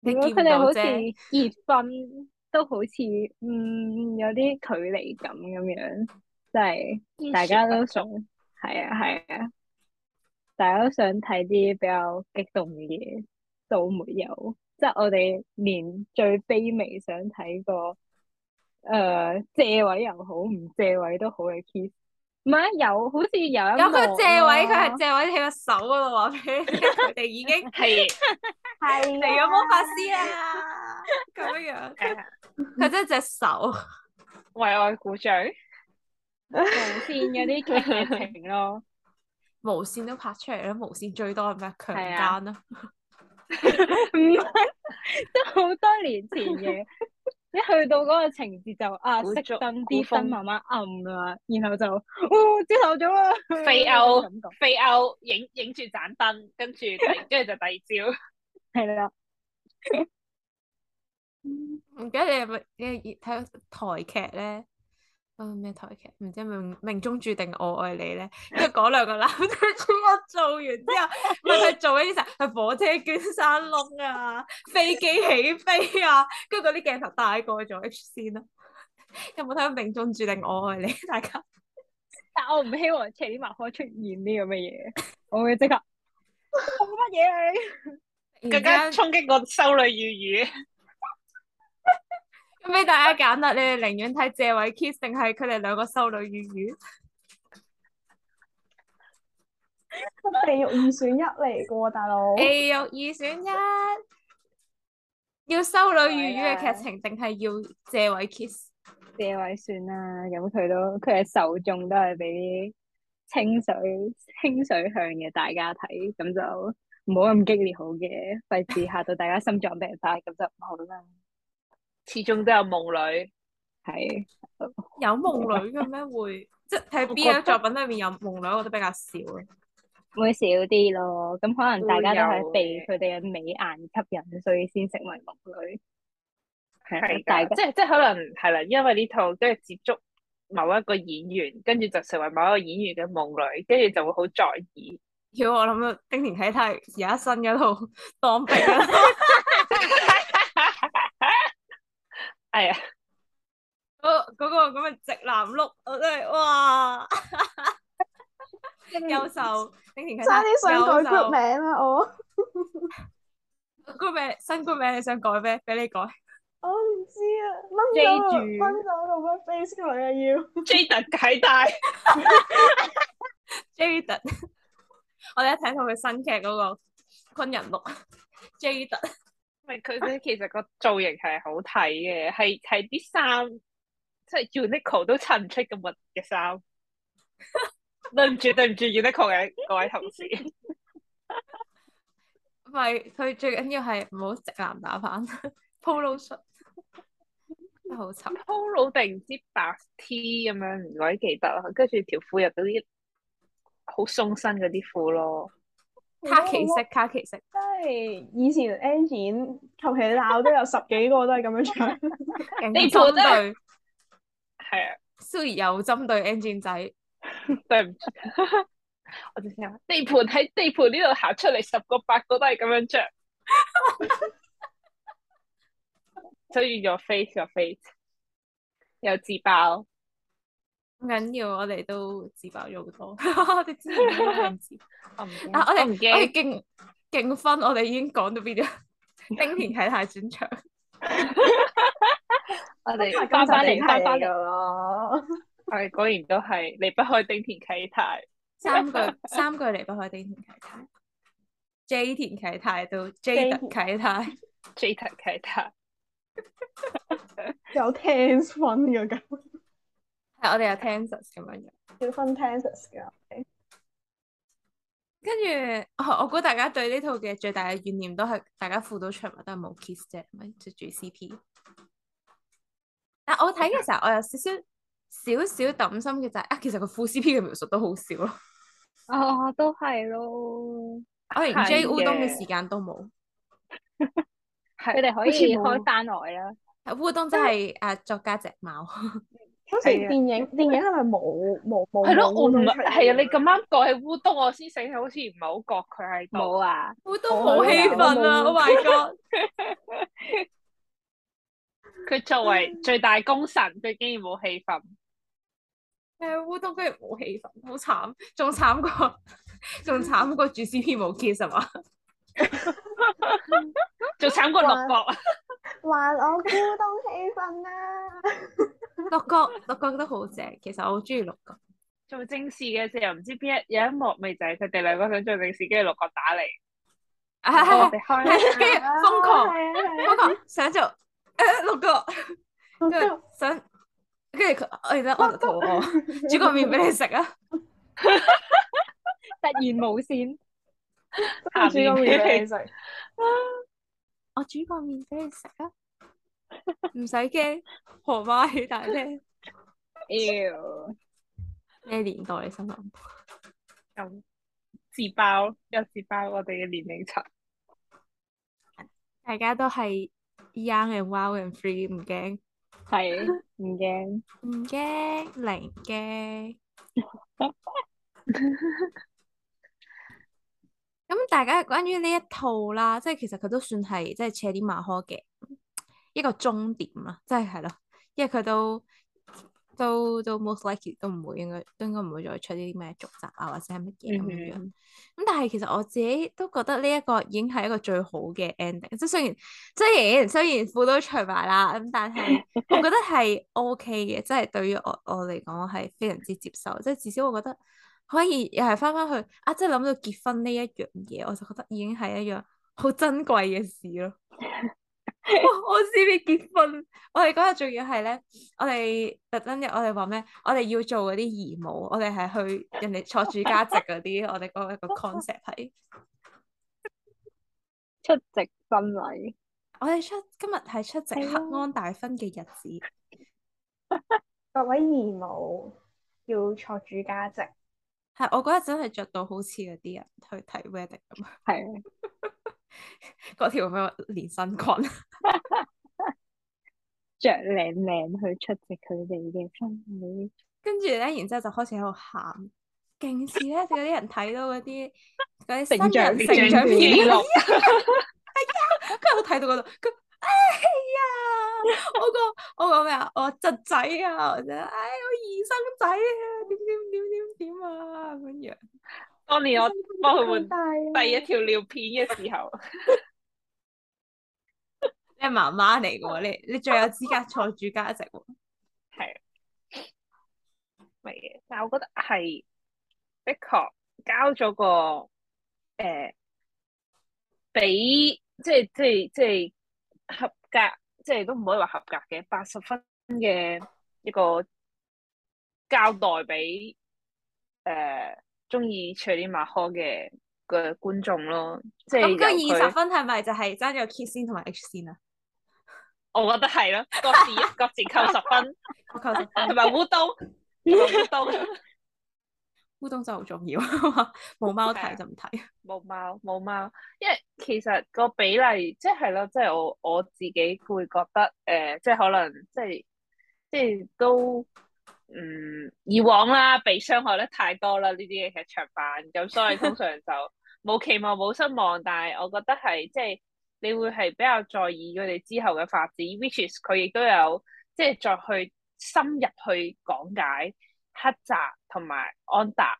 如果佢哋好似結婚、啊、都好似嗯有啲距離感咁樣，即係大家都仲係啊係啊。大家都想睇啲比較激動嘅嘢，都沒有，即係我哋連最卑微想睇個，誒、呃、借位又好，唔借位都好嘅 kiss，唔係有好似有一幕借、啊、位，佢係借位喺個手嗰度話俾佢哋已經係係嚟咗魔法師啦、啊，咁 樣佢真係隻手為愛鼓掌，無線嗰啲劇情咯。無線都拍出嚟咧，無線最多係咩強姦咯？唔係、啊， 即好多年前嘅。 一去到嗰個情節就啊，熄咗燈，啲燈慢慢暗啦，然後就哦，招手咗啦， 肥歐歐， 說肥歐影影住盞燈，跟住跟住就第二招，係 啦 對了。唔記得你係咪你係睇台劇咧？啊，咩台劇？唔知係咪命中注定我愛你咧，因為嗰兩個男仔，我做完之後，佢哋做嘅時候，係火車捐山窿啊，飛機起飛啊，跟住嗰啲鏡頭大過咗 H C 咯。有冇睇《命中注定我愛你》？大家，但我唔希望《奇兵密探》出現呢咁嘅嘢，我會即刻做乜嘢？你，更加衝擊我修女粵語。咁俾大家揀啦，你哋寧願睇借位 kiss 定係佢哋兩個修女粵語？地獄二選一嚟個大佬。地獄二選一， 要修女粵語嘅劇情定係要借位 kiss？借位算啦，咁佢都佢嘅受眾都係俾清水清水向嘅大家睇，咁就唔好咁激烈好嘅，費事 嚇到大家心臟病發，咁就唔好啦。始終都有夢女的，係有夢女嘅咩？會 即係邊一作品裏面有夢女，我覺得比較少，少咯，會少啲咯。咁可能大家都係被佢哋嘅美顏吸引，所以先成為夢女。係 的 大家即係即係可能係啦，因為呢套跟住接觸某一個演員，跟住就成為某一個演員嘅夢女，跟住就會好在意。叫我諗丁今年睇睇有一新嗰套當備係啊！嗰嗰、哎那個咁嘅、那個那個、直男碌，我真係哇，優 秀！差啲點想手改個名啊！我個名 新個名你想改咩？俾你改。我唔知啊，諗唔到分手做乜 face 佢啊要 ？J 特解帶 ，J 特，D 我哋一睇到佢新劇嗰個昆人碌 J 特。佢哋其實個造型係好睇嘅，係係啲衫，即係 Uniqlo 都襯唔出咁密嘅衫。對唔住，對唔住，Uniqlo 嘅各位同事。唔係，佢最緊要係唔好直男打扮，Polo 恤好臭。Polo 定唔知白 T 咁樣，唔鬼記得啦。跟住條褲入到啲好鬆身嗰啲褲咯。卡其色，卡其色，即係、哦、以前 engine 求其鬧都有十幾個都係咁樣着， 地盤 對，係啊，雖然有針對 engine 仔， 對唔不住起， 我哋聽下地盤喺地盤呢度行出嚟十個八個都係咁樣着，所以又 face 又 face 又自爆。唔緊要，我哋都自爆咗好多，我哋唔知。但我哋我哋競競分，我哋 已經講到邊度？丁田啟太轉場， 我哋翻翻嚟，翻翻咗咯。係 果然都係離不開丁田啟太，三個三個離不開丁田啟太，J 田啟太到 J 田啟太，J 田啟太 有聽分噶，咁。 我哋有 tenses 咁樣嘅，要分 tenses、okay、跟住、哦，我估大家對呢套嘅最大嘅怨念都係大家腐到出嚟都係冇 kiss 啫，咪就住 C P。但、啊、我睇嘅時候，我有少少少少揼心嘅就係、啊，其實個副 C P 嘅描述都好少咯。哦，都係咯。 我連 J 烏冬嘅時間都冇。佢哋 可以開翻耐啦。啊烏冬真係啊作家隻貓。 好似電影，電影係咪冇冇冇？係咯，我唔係，係啊！你咁啱過去烏冬，我先醒起，好似唔係好覺佢喺度。冇啊！烏冬冇氣氛啊！我話你佢作為最大功臣，佢竟然冇氣氛。誒烏冬居然冇氣氛，好慘！仲慘過仲慘過住 CP 冇 kiss 係嘛？仲慘過落雹。還我孤都氣憤啊！六角，六角都好正，其實我好中意六角做正事嘅時候，唔知邊一有一幕咪就係佢哋兩個想做正事，跟住六角打嚟，係係係，跟住瘋狂瘋狂想做，誒六角跟住想，跟住佢，我而家我就肚餓，煮個麵俾你食啊！突然無線，煮個麵俾你食啊！我煮個麵俾你食啊！唔使驚，河馬起大呢？要 咩 Ew. 年代嘅新聞？咁自爆，又自爆我哋嘅年齡層。大家都係 young and wild and free，唔驚，係唔驚，唔驚，零驚。 咁、嗯、大家關於呢一套啦，即係其實佢都算係即係 Cherry Magic 嘅一個終點啦，即係係咯，因為佢都都都 most likely 都唔會應該都應該唔會再出啲咩續集啊，或者係乜嘢咁樣樣。咁、嗯嗯、但係其實我自己都覺得呢一個已經係一個最好嘅 ending，即係雖然即雖然雖然褲都除埋啦，咁但係我覺得係 OK 嘅，即係 對於我我嚟講，我係非常之接受，即係至少我覺得。可以又係翻翻去啊！即係諗到結婚呢一樣嘢，我就覺得已經係一樣好珍貴嘅事咯。我知你結婚，我哋嗰日仲要係咧，我哋特登，我哋話咩？我哋要做嗰啲姨母，我哋係去人哋坐主家席嗰啲。 我哋嗰個 concept 係出席婚禮。我哋出今日係出席黑安大婚嘅日子， 各位姨母要坐主家席。係，我覺得真係着到好似嗰啲人去睇 wedding 咁，係啊的，嗰 條咩連身裙，着靚靚去出席佢哋嘅婚禮。跟住咧，然之後就開始喺度喊，勁時咧，就有啲人睇到嗰啲嗰啲新人成長片。 哎呀！跟住我睇到嗰度哎呀！ 我個我個咩啊？我侄仔啊！哎，我二生仔啊！點點點點點啊咁樣。當年我幫佢換第一條尿片嘅時候， 你係媽媽嚟嘅喎。你你最有資格坐主家席喎。係。係嘅，但係我覺得係的確交咗個誒，俾即係即係即係。合格，即係都唔可以話合格嘅，八十分嘅一個交代俾誒中意 Cherry Magic 嘅個觀眾咯。即係咁個二十分係咪就係爭咗 Kiss 同埋 H 線啊？我覺得係咯，各自各自扣十分，我扣十分，同埋烏冬，同埋烏冬。互動就好重要，冇貓睇就唔睇，冇貓冇貓，因為其實個比例即係咯，即係我我自己會覺得誒，即係可能即係即係都嗯以往啦，被傷害得太多啦呢啲嘅劇場版，咁所以通常就冇期望冇失望，但係我覺得係即係你會係比較在意佢哋之後嘅發展，which is 佢亦都有即係再去深入去講解。黑澤同埋安達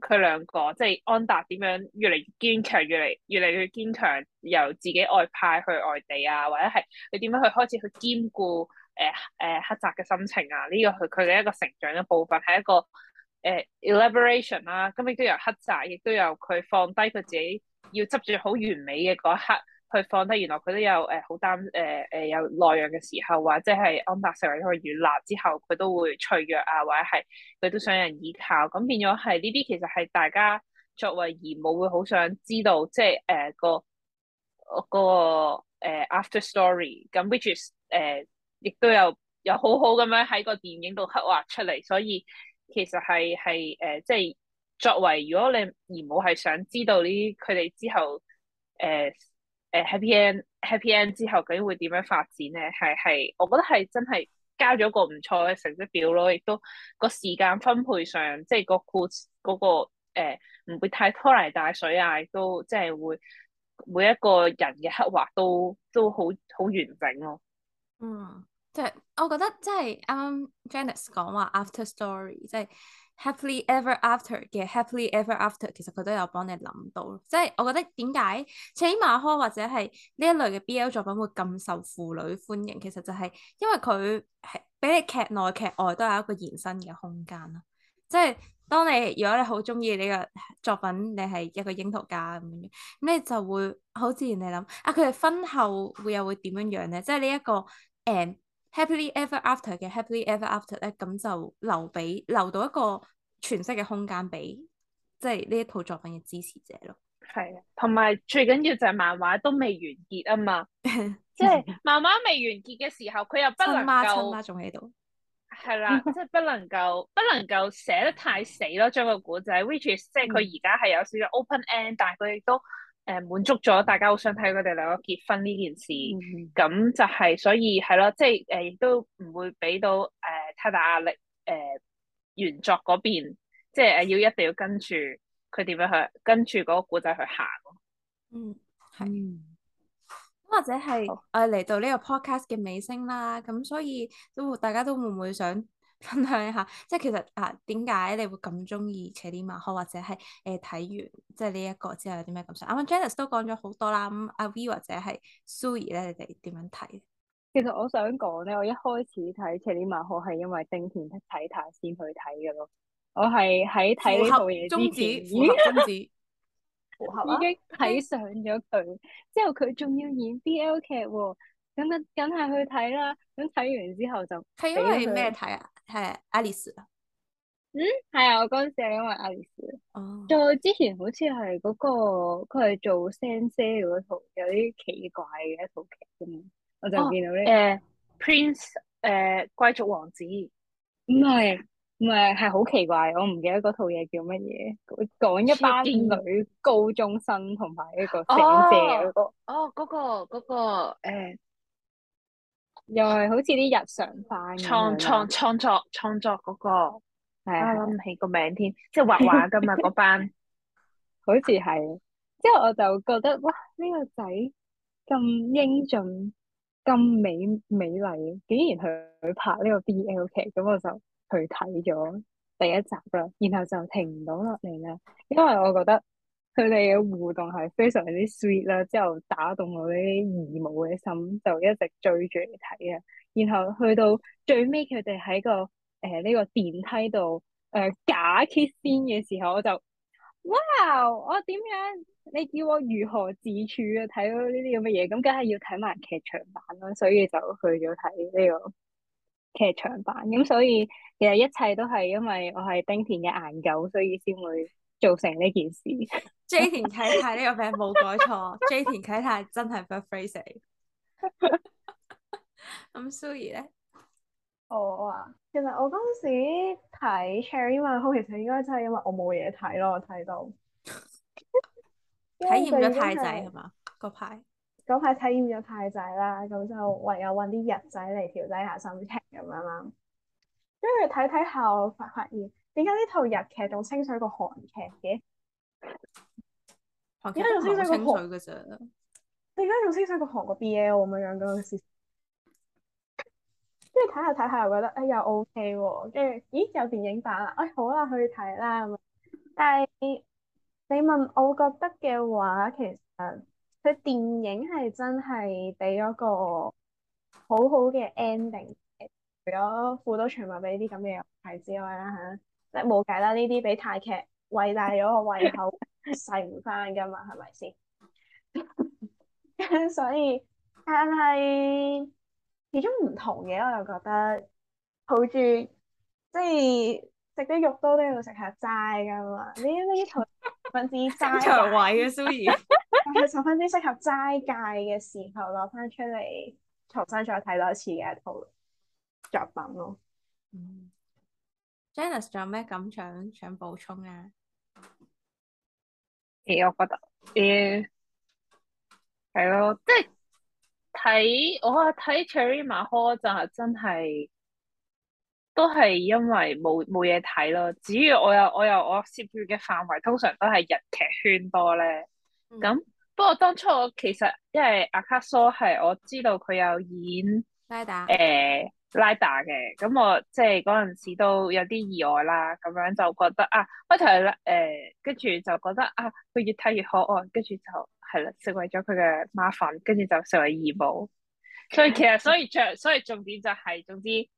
佢兩個，即係安達點樣越嚟越堅強，越嚟越嚟越堅強，由自己外派去外地啊，或者係你點樣去開始去兼顧誒誒、呃呃、黑澤嘅心情啊，呢、這個佢佢哋一個成長嘅部分，係一個誒 elaboration 啦。咁亦都有黑澤，亦都有佢放低佢自己要執住好完美嘅嗰一刻。佢放低，原來佢都有誒好擔誒誒有內鬱嘅時候，或者係安排成為一個軟肋之後，佢都會脆弱啊，或者係佢都想有人依靠。咁變咗係呢啲，其實係大家作為兒母會好想知道，即係誒、呃、個我個、呃、After Story。咁 which is 誒、呃、亦都有有好好咁樣喺個電影度刻畫出嚟。所以其實係係誒即係作為如果你兒母係想知道呢啲佢哋之後誒。呃誒、uh,，happy end，happy end 之後究竟會點樣發展咧？係係，我覺得係真係交咗個唔錯嘅成績表咯，亦都個時間分配上，即係、那個故嗰、那個誒，唔、呃、會太拖泥帶水啊，都即係會每一個人嘅刻畫都都好好完整咯、啊。嗯，即、就、係、是、我覺得即、就、係、是、啱啱、um,，Janice 講話 after story 即、就、係、是。Happily ever after 嘅 Happily ever after，其實佢都有幫你諗到，即係我覺得點解像馬柯或者係呢一類嘅 BL 作品會咁受腐女歡迎，其實就係因為佢係俾你劇內劇外都有一個延伸嘅空間啦。即係當你如果你好中意呢個作品，你係一個櫻桃家咁樣，咁你就會好自然地諗啊，佢哋婚後會又會點樣樣咧？即係呢一個誒。呃 Happ ever happily ever after 嘅 Happily ever after 咧，咁就留俾留到一個詮釋嘅空間俾，即係呢一套作品嘅支持者咯。係啊，同埋最緊要就係漫畫都未完結啊嘛，即係漫畫未完結嘅時候，佢又不能夠。親媽親媽仲喺度。係啦，即係、就是、不能夠不能夠寫得太死咯，將、這個古仔 ，which is 即係佢而家係有少少 open end，但係佢亦都。誒、呃、滿足咗大家好想睇佢哋兩個結婚呢件事，咁、嗯、就係、是、所以係咯，即係亦、呃、都唔會俾到誒、呃、太大壓力誒、呃、原作嗰邊，即係誒要一定要跟住佢點樣去跟住嗰個故仔去行咯。嗯，係。咁或者係誒嚟到呢個 Podcast 嘅尾聲啦，咁所以都大家都會唔會想？分享一下，即係其實啊，點解你會咁中意《Cherry Magic》或者係誒睇完即係呢一個之後有啲咩感受？啱、啊、Janice 都講咗好多啦，咁、啊、阿 V 或者係蘇怡咧，你哋點樣睇？其實我想講咧，我一開始睇《Cherry Magic》係因為丁田睇他先去睇嘅咯，我係喺睇呢部嘢之前，符合中符合，中 符合、啊、已經睇上咗佢，之後佢仲要演 BL 劇喎。咁梗係去睇啦！咁睇完之後就係因為咩睇啊？係《愛麗絲》啦。嗯，係啊！我嗰陣時係因為《愛麗絲》啦。哦。再之前好似係嗰個佢係做《sensei》嗰套有啲奇怪嘅一套劇啫嘛，我就見到咧、呢個。誒、哦呃、Prince 誒、呃、貴族王子。唔係唔係，係好奇怪，我唔記得嗰套嘢叫乜嘢。講一班女高中生同埋一個、嗰個、sensei。l 哦，嗰、哦嗰個嗰、嗰個、呃又係好似啲日常翻嘅創創創作創作嗰、那個，哎、呀的我諗唔起個名添，即係畫畫噶嘛嗰 班，好似係之後我就覺得哇呢、這個仔咁英俊咁美美麗，竟然去拍呢個 B L 劇，嗯，咁我就去睇咗第一集啦，然後就停唔到落嚟啦，因為我覺得。佢哋嘅互動係非常之 sweet 啦，之後打動我啲兒母嘅心，就一直追住嚟睇啊。然後去到最尾，佢哋喺個誒呢、呃這個電梯度誒、呃、假揭簾嘅時候，我就哇！我點樣你叫我如何自處啊？睇到呢啲咁嘅嘢，咁梗係要睇埋劇場版咯。所以就去咗睇呢個劇場版。咁所以其實一切都係因為我係丁田嘅顏狗，所以先會。造成呢件事。 J 田啟泰呢個名冇改錯 ，J 田啟太真係 free 死。咁 Suri 咧，我啊，其實我嗰陣時睇 Cherry，其實應該真係因為我冇嘢睇咯，睇到 體驗咗太仔係嘛？嗰排嗰排體驗咗太仔啦，咁就唯有揾啲日仔嚟調劑下心情咁樣啦。跟住睇睇下發發現。點解呢套日劇仲清水過韓劇嘅？點解仲清水過韓嘅啫？點解仲清水過韓國 BL 咁樣嗰陣時？即係睇下睇下又覺得哎，又 OK 喎、啊，跟住咦有電影版啊，哎，好啦、啊、去睇啦。但係你問我覺得嘅話，其實佢電影係真係俾咗個好好嘅 ending，除咗附多場幕俾啲咁嘅題之外啦嚇。即係冇計啦，呢啲俾泰劇餵大咗個胃口， 洗唔翻噶嘛，係咪先？ 所以，但係始終唔同嘅，我又覺得抱住即係食啲肉多都要食下齋噶嘛。呢呢套分之齋腸胃嘅蘇怡，佢十分之適 合齋戒嘅時候攞翻出嚟，重新再睇多次嘅一套作品咯。嗯。Janice 仲有咩感想想補充啊？誒、欸，我覺得誒，係、欸、咯，即係睇我啊睇 Cherry Magic 就係真係都係因為冇冇嘢睇咯。至於我又我又我涉獵嘅範圍通常都係日劇圈多咧。咁、嗯、不過當初我其實因為阿卡蘇係我知道佢有演誒。嗯呃拉大嘅，咁我即係嗰陣時都有啲意外啦，咁樣就覺得啊，開頭係誒，跟、欸、住就覺得啊，佢越睇越可愛，跟住就係啦，成為咗佢嘅媽粉，跟住就成為姨母。所以其實所以著，所以重點就係、是，總之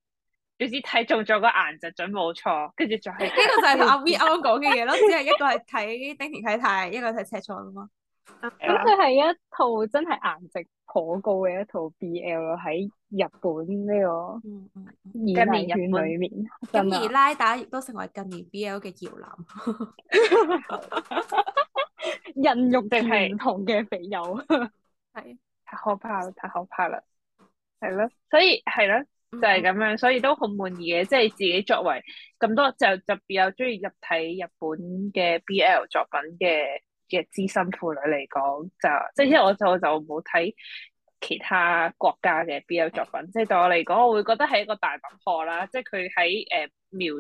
總之睇中咗個顏就準冇錯，跟住就係、是。呢個就係阿 V 啱啱講嘅嘢咯，只係一個係睇町田啟太，一個係睇赤楚啊嘛。咁佢係一套真係顏值頗高嘅一套 BL 喺日本呢個熱門圈裏面，咁、嗯、的而拉打亦都成為近年 BL 嘅搖籃。 人肉定係唔同嘅腐友，係太可怕，太可怕啦！係咯，所以係咯，就係、是、咁樣，嗯、所以都好滿意嘅，即、就、係、是、自己作為咁多就比較中意入睇日本嘅 BL 作品嘅。嘅資深婦女嚟講，就即係因為我就就冇睇其他國家嘅 BL 作品，嗯、即係對我嚟講，我會覺得係一個大突破啦！即係佢喺誒描，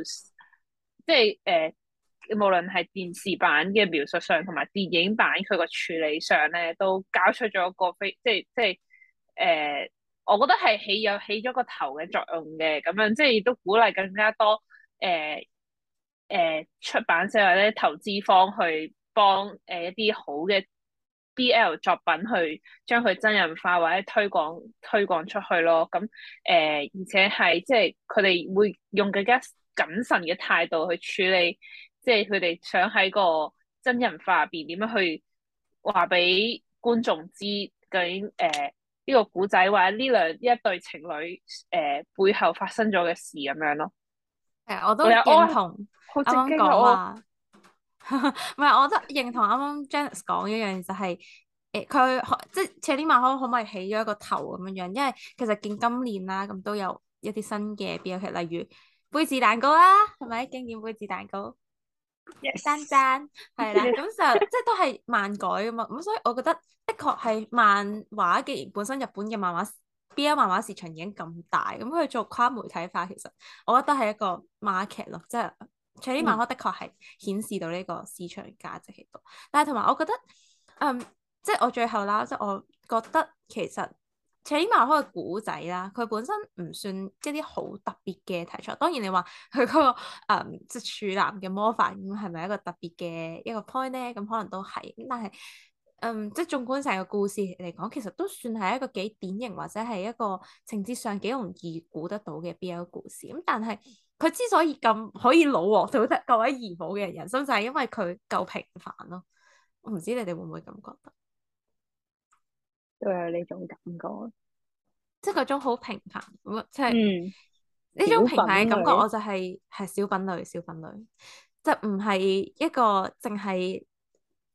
即係誒、呃、無論係電視版嘅描述上，同埋電影版佢個處理上咧，都搞出咗個非，即係即係誒，我覺得係起有起咗個頭嘅作用嘅，咁樣即係亦都鼓勵更加多誒誒、呃呃、出版社或者投資方去。幫誒一啲好嘅 BL 作品去將佢真人化或者推廣推廣出去咯，咁誒、呃、而且係即係佢哋會用更加謹慎嘅態度去處理，即係佢哋想喺個真人化入邊點樣去話俾觀眾知究竟誒呢、呃呢個古仔或者呢兩一對情侶誒、呃、背後發生咗嘅事咁樣咯。係，我都認同啱啱講啊。唔係， 我覺得認同啱啱 Janice 講一樣嘢就係、是，誒、欸，佢即係 Cherry Magic 可唔可以起咗一個頭咁樣樣，因為其實見今年啦，咁都有一啲新嘅 BL 劇，例如杯子蛋糕啦、啊，係咪經典杯子蛋糕？山贊係啦，咁就即係都係漫改啊嘛，咁 所以我覺得的確係漫畫嘅，本身日本嘅漫畫 BL 漫畫市場已經咁大，咁佢做跨媒體化，其實我覺得係一個 market 咯，即、就、係、是。查理馬可》的確係顯示到呢個市場價值喺度，但係同埋我覺得，嗯，即係我最後啦，即係我覺得其實《查理馬可》嘅古仔啦，佢本身唔算一啲好特別嘅題材。當然你話佢嗰個，嗯，即係處男嘅魔法咁，係、嗯、咪一個特別嘅一個 point 咧？咁、嗯、可能都係，但係，嗯，即係縱觀成個故事嚟講，其實都算係一個幾典型或者係一個情節上幾容易估得到嘅 B L 故事。咁、嗯、但係。佢之所以咁可以老喎，做得夠位兒母嘅人生，就係、是、因為佢夠平凡咯、啊。我唔知你哋會唔會咁覺得，都有呢種感覺，即係嗰種好平凡，即係呢種平凡嘅感覺，我就係係小品類，小品類，就唔、是、係一個淨係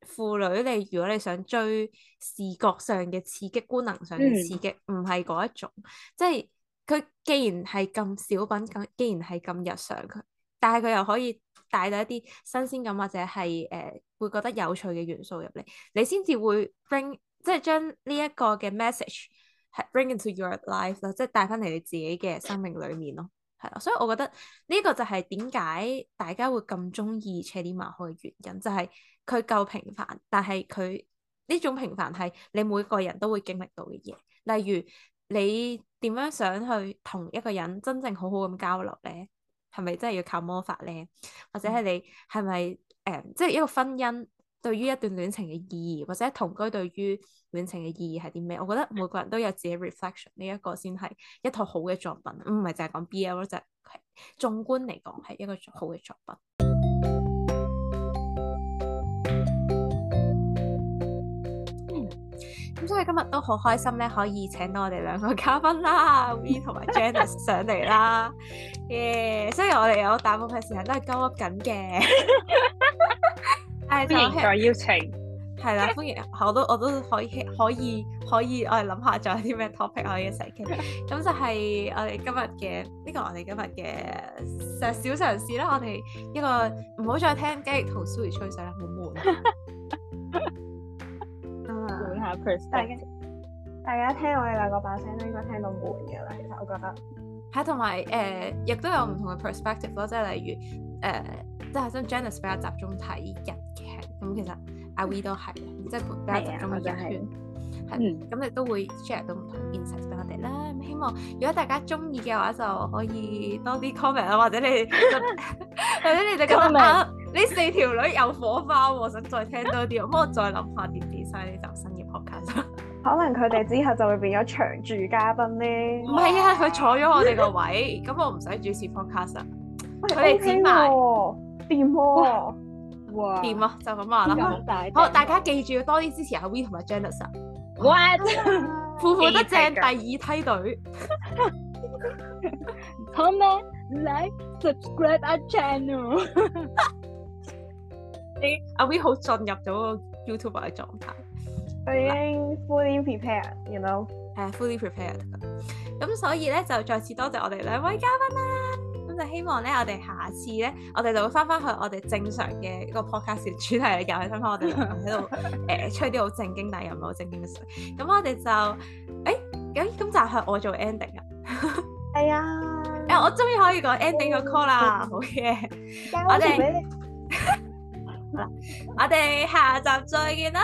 婦女。你如果你想追視覺上嘅刺激、官能上嘅刺激，唔係嗰一種，即係。佢既然係咁小品，咁既然係咁日常，佢但係佢又可以帶到一啲新鮮感，或者係誒、呃、會覺得有趣嘅元素入嚟，你先至會 bring 即係將呢一個嘅 message 係 bring into your life 咯，即係帶翻嚟你自己嘅生命裏面咯，係啦，所以我覺得呢個就係點解大家會咁中意 Cherry Magic 嘅原因，就係、是、佢夠平凡，但係佢呢種平凡係你每個人都會經歷到嘅嘢，例如你。點樣想去同一個人真正好好咁交流咧？係咪真係要靠魔法咧？或者係你係咪誒？即係一個婚姻對於一段戀情嘅意義，或者同居對於戀情嘅意義係啲咩？我覺得每個人都有自己 reflection 呢一個先係一套好嘅作品，唔係淨係講 BL 就係佢。縱觀嚟講係一個好嘅作品。因為今日都好開心咧，可以請到我哋兩個嘉賓啦，We 同埋 Janice 上嚟啦，耶 ！Yeah, 雖然我哋有大部分嘅時間都係鳩噏緊嘅。 歡迎再邀請，係啦，歡迎我都我都可以可以可以，我哋諗下仲有啲咩 topic 可以、 這個、小小一齊傾。咁就係我哋今日嘅呢個，我哋今日嘅小小嘗試啦。我哋一個唔好再聽《雞翼同舒怡吹水》啦，好悶。但係，大家聽我哋兩個把聲，應該聽到悶嘅啦。其實我覺得，係同埋誒，亦都有唔同嘅 perspective 咯。即係例如誒，即係阿生 Janice 比較集中睇日劇，咁其實阿 We 都係即係比較集中嘅日圈，咁亦都會 share 到唔同嘅見識俾我哋啦。希望如果大家中意嘅話，就可以多啲 comment 啊，或者你或者你哋覺得呢四條女有火花，想再聽多啲，咁我再諗下點點晒呢集新嘅。 可能佢哋之後就會變咗常駐嘉賓咧。唔係啊，佢坐咗我哋個位，咁 我唔使主持 podcast 啦喂。佢哋佔埋掂，啊啊、哇掂啊，就咁話啦。好，大家記住要多啲支持阿 We 同埋 Janessa 麼。What？腐腐得正 第二梯隊。好咩？Like、Subscribe 阿 Channel。你阿 We 好進入咗個 YouTuber 嘅狀態。我已經 fully prepared，you know？係 fully prepared。咁所以咧，就再次多謝我哋兩位嘉賓啦。咁就希望咧，我哋下次咧，我哋就會翻翻去我哋正常嘅一個 podcast 主題又係聽翻我哋喺度誒吹啲好正經但係又唔係好正經嘅水，咁我哋就誒咁、欸、咁就係我做 ending 啊。係啊、哎呀。誒、欸，我終於可以講 ending 個 call 啦。哎、呦 好嘅害、um 我們， 我哋，好啦，我哋下集再見啦。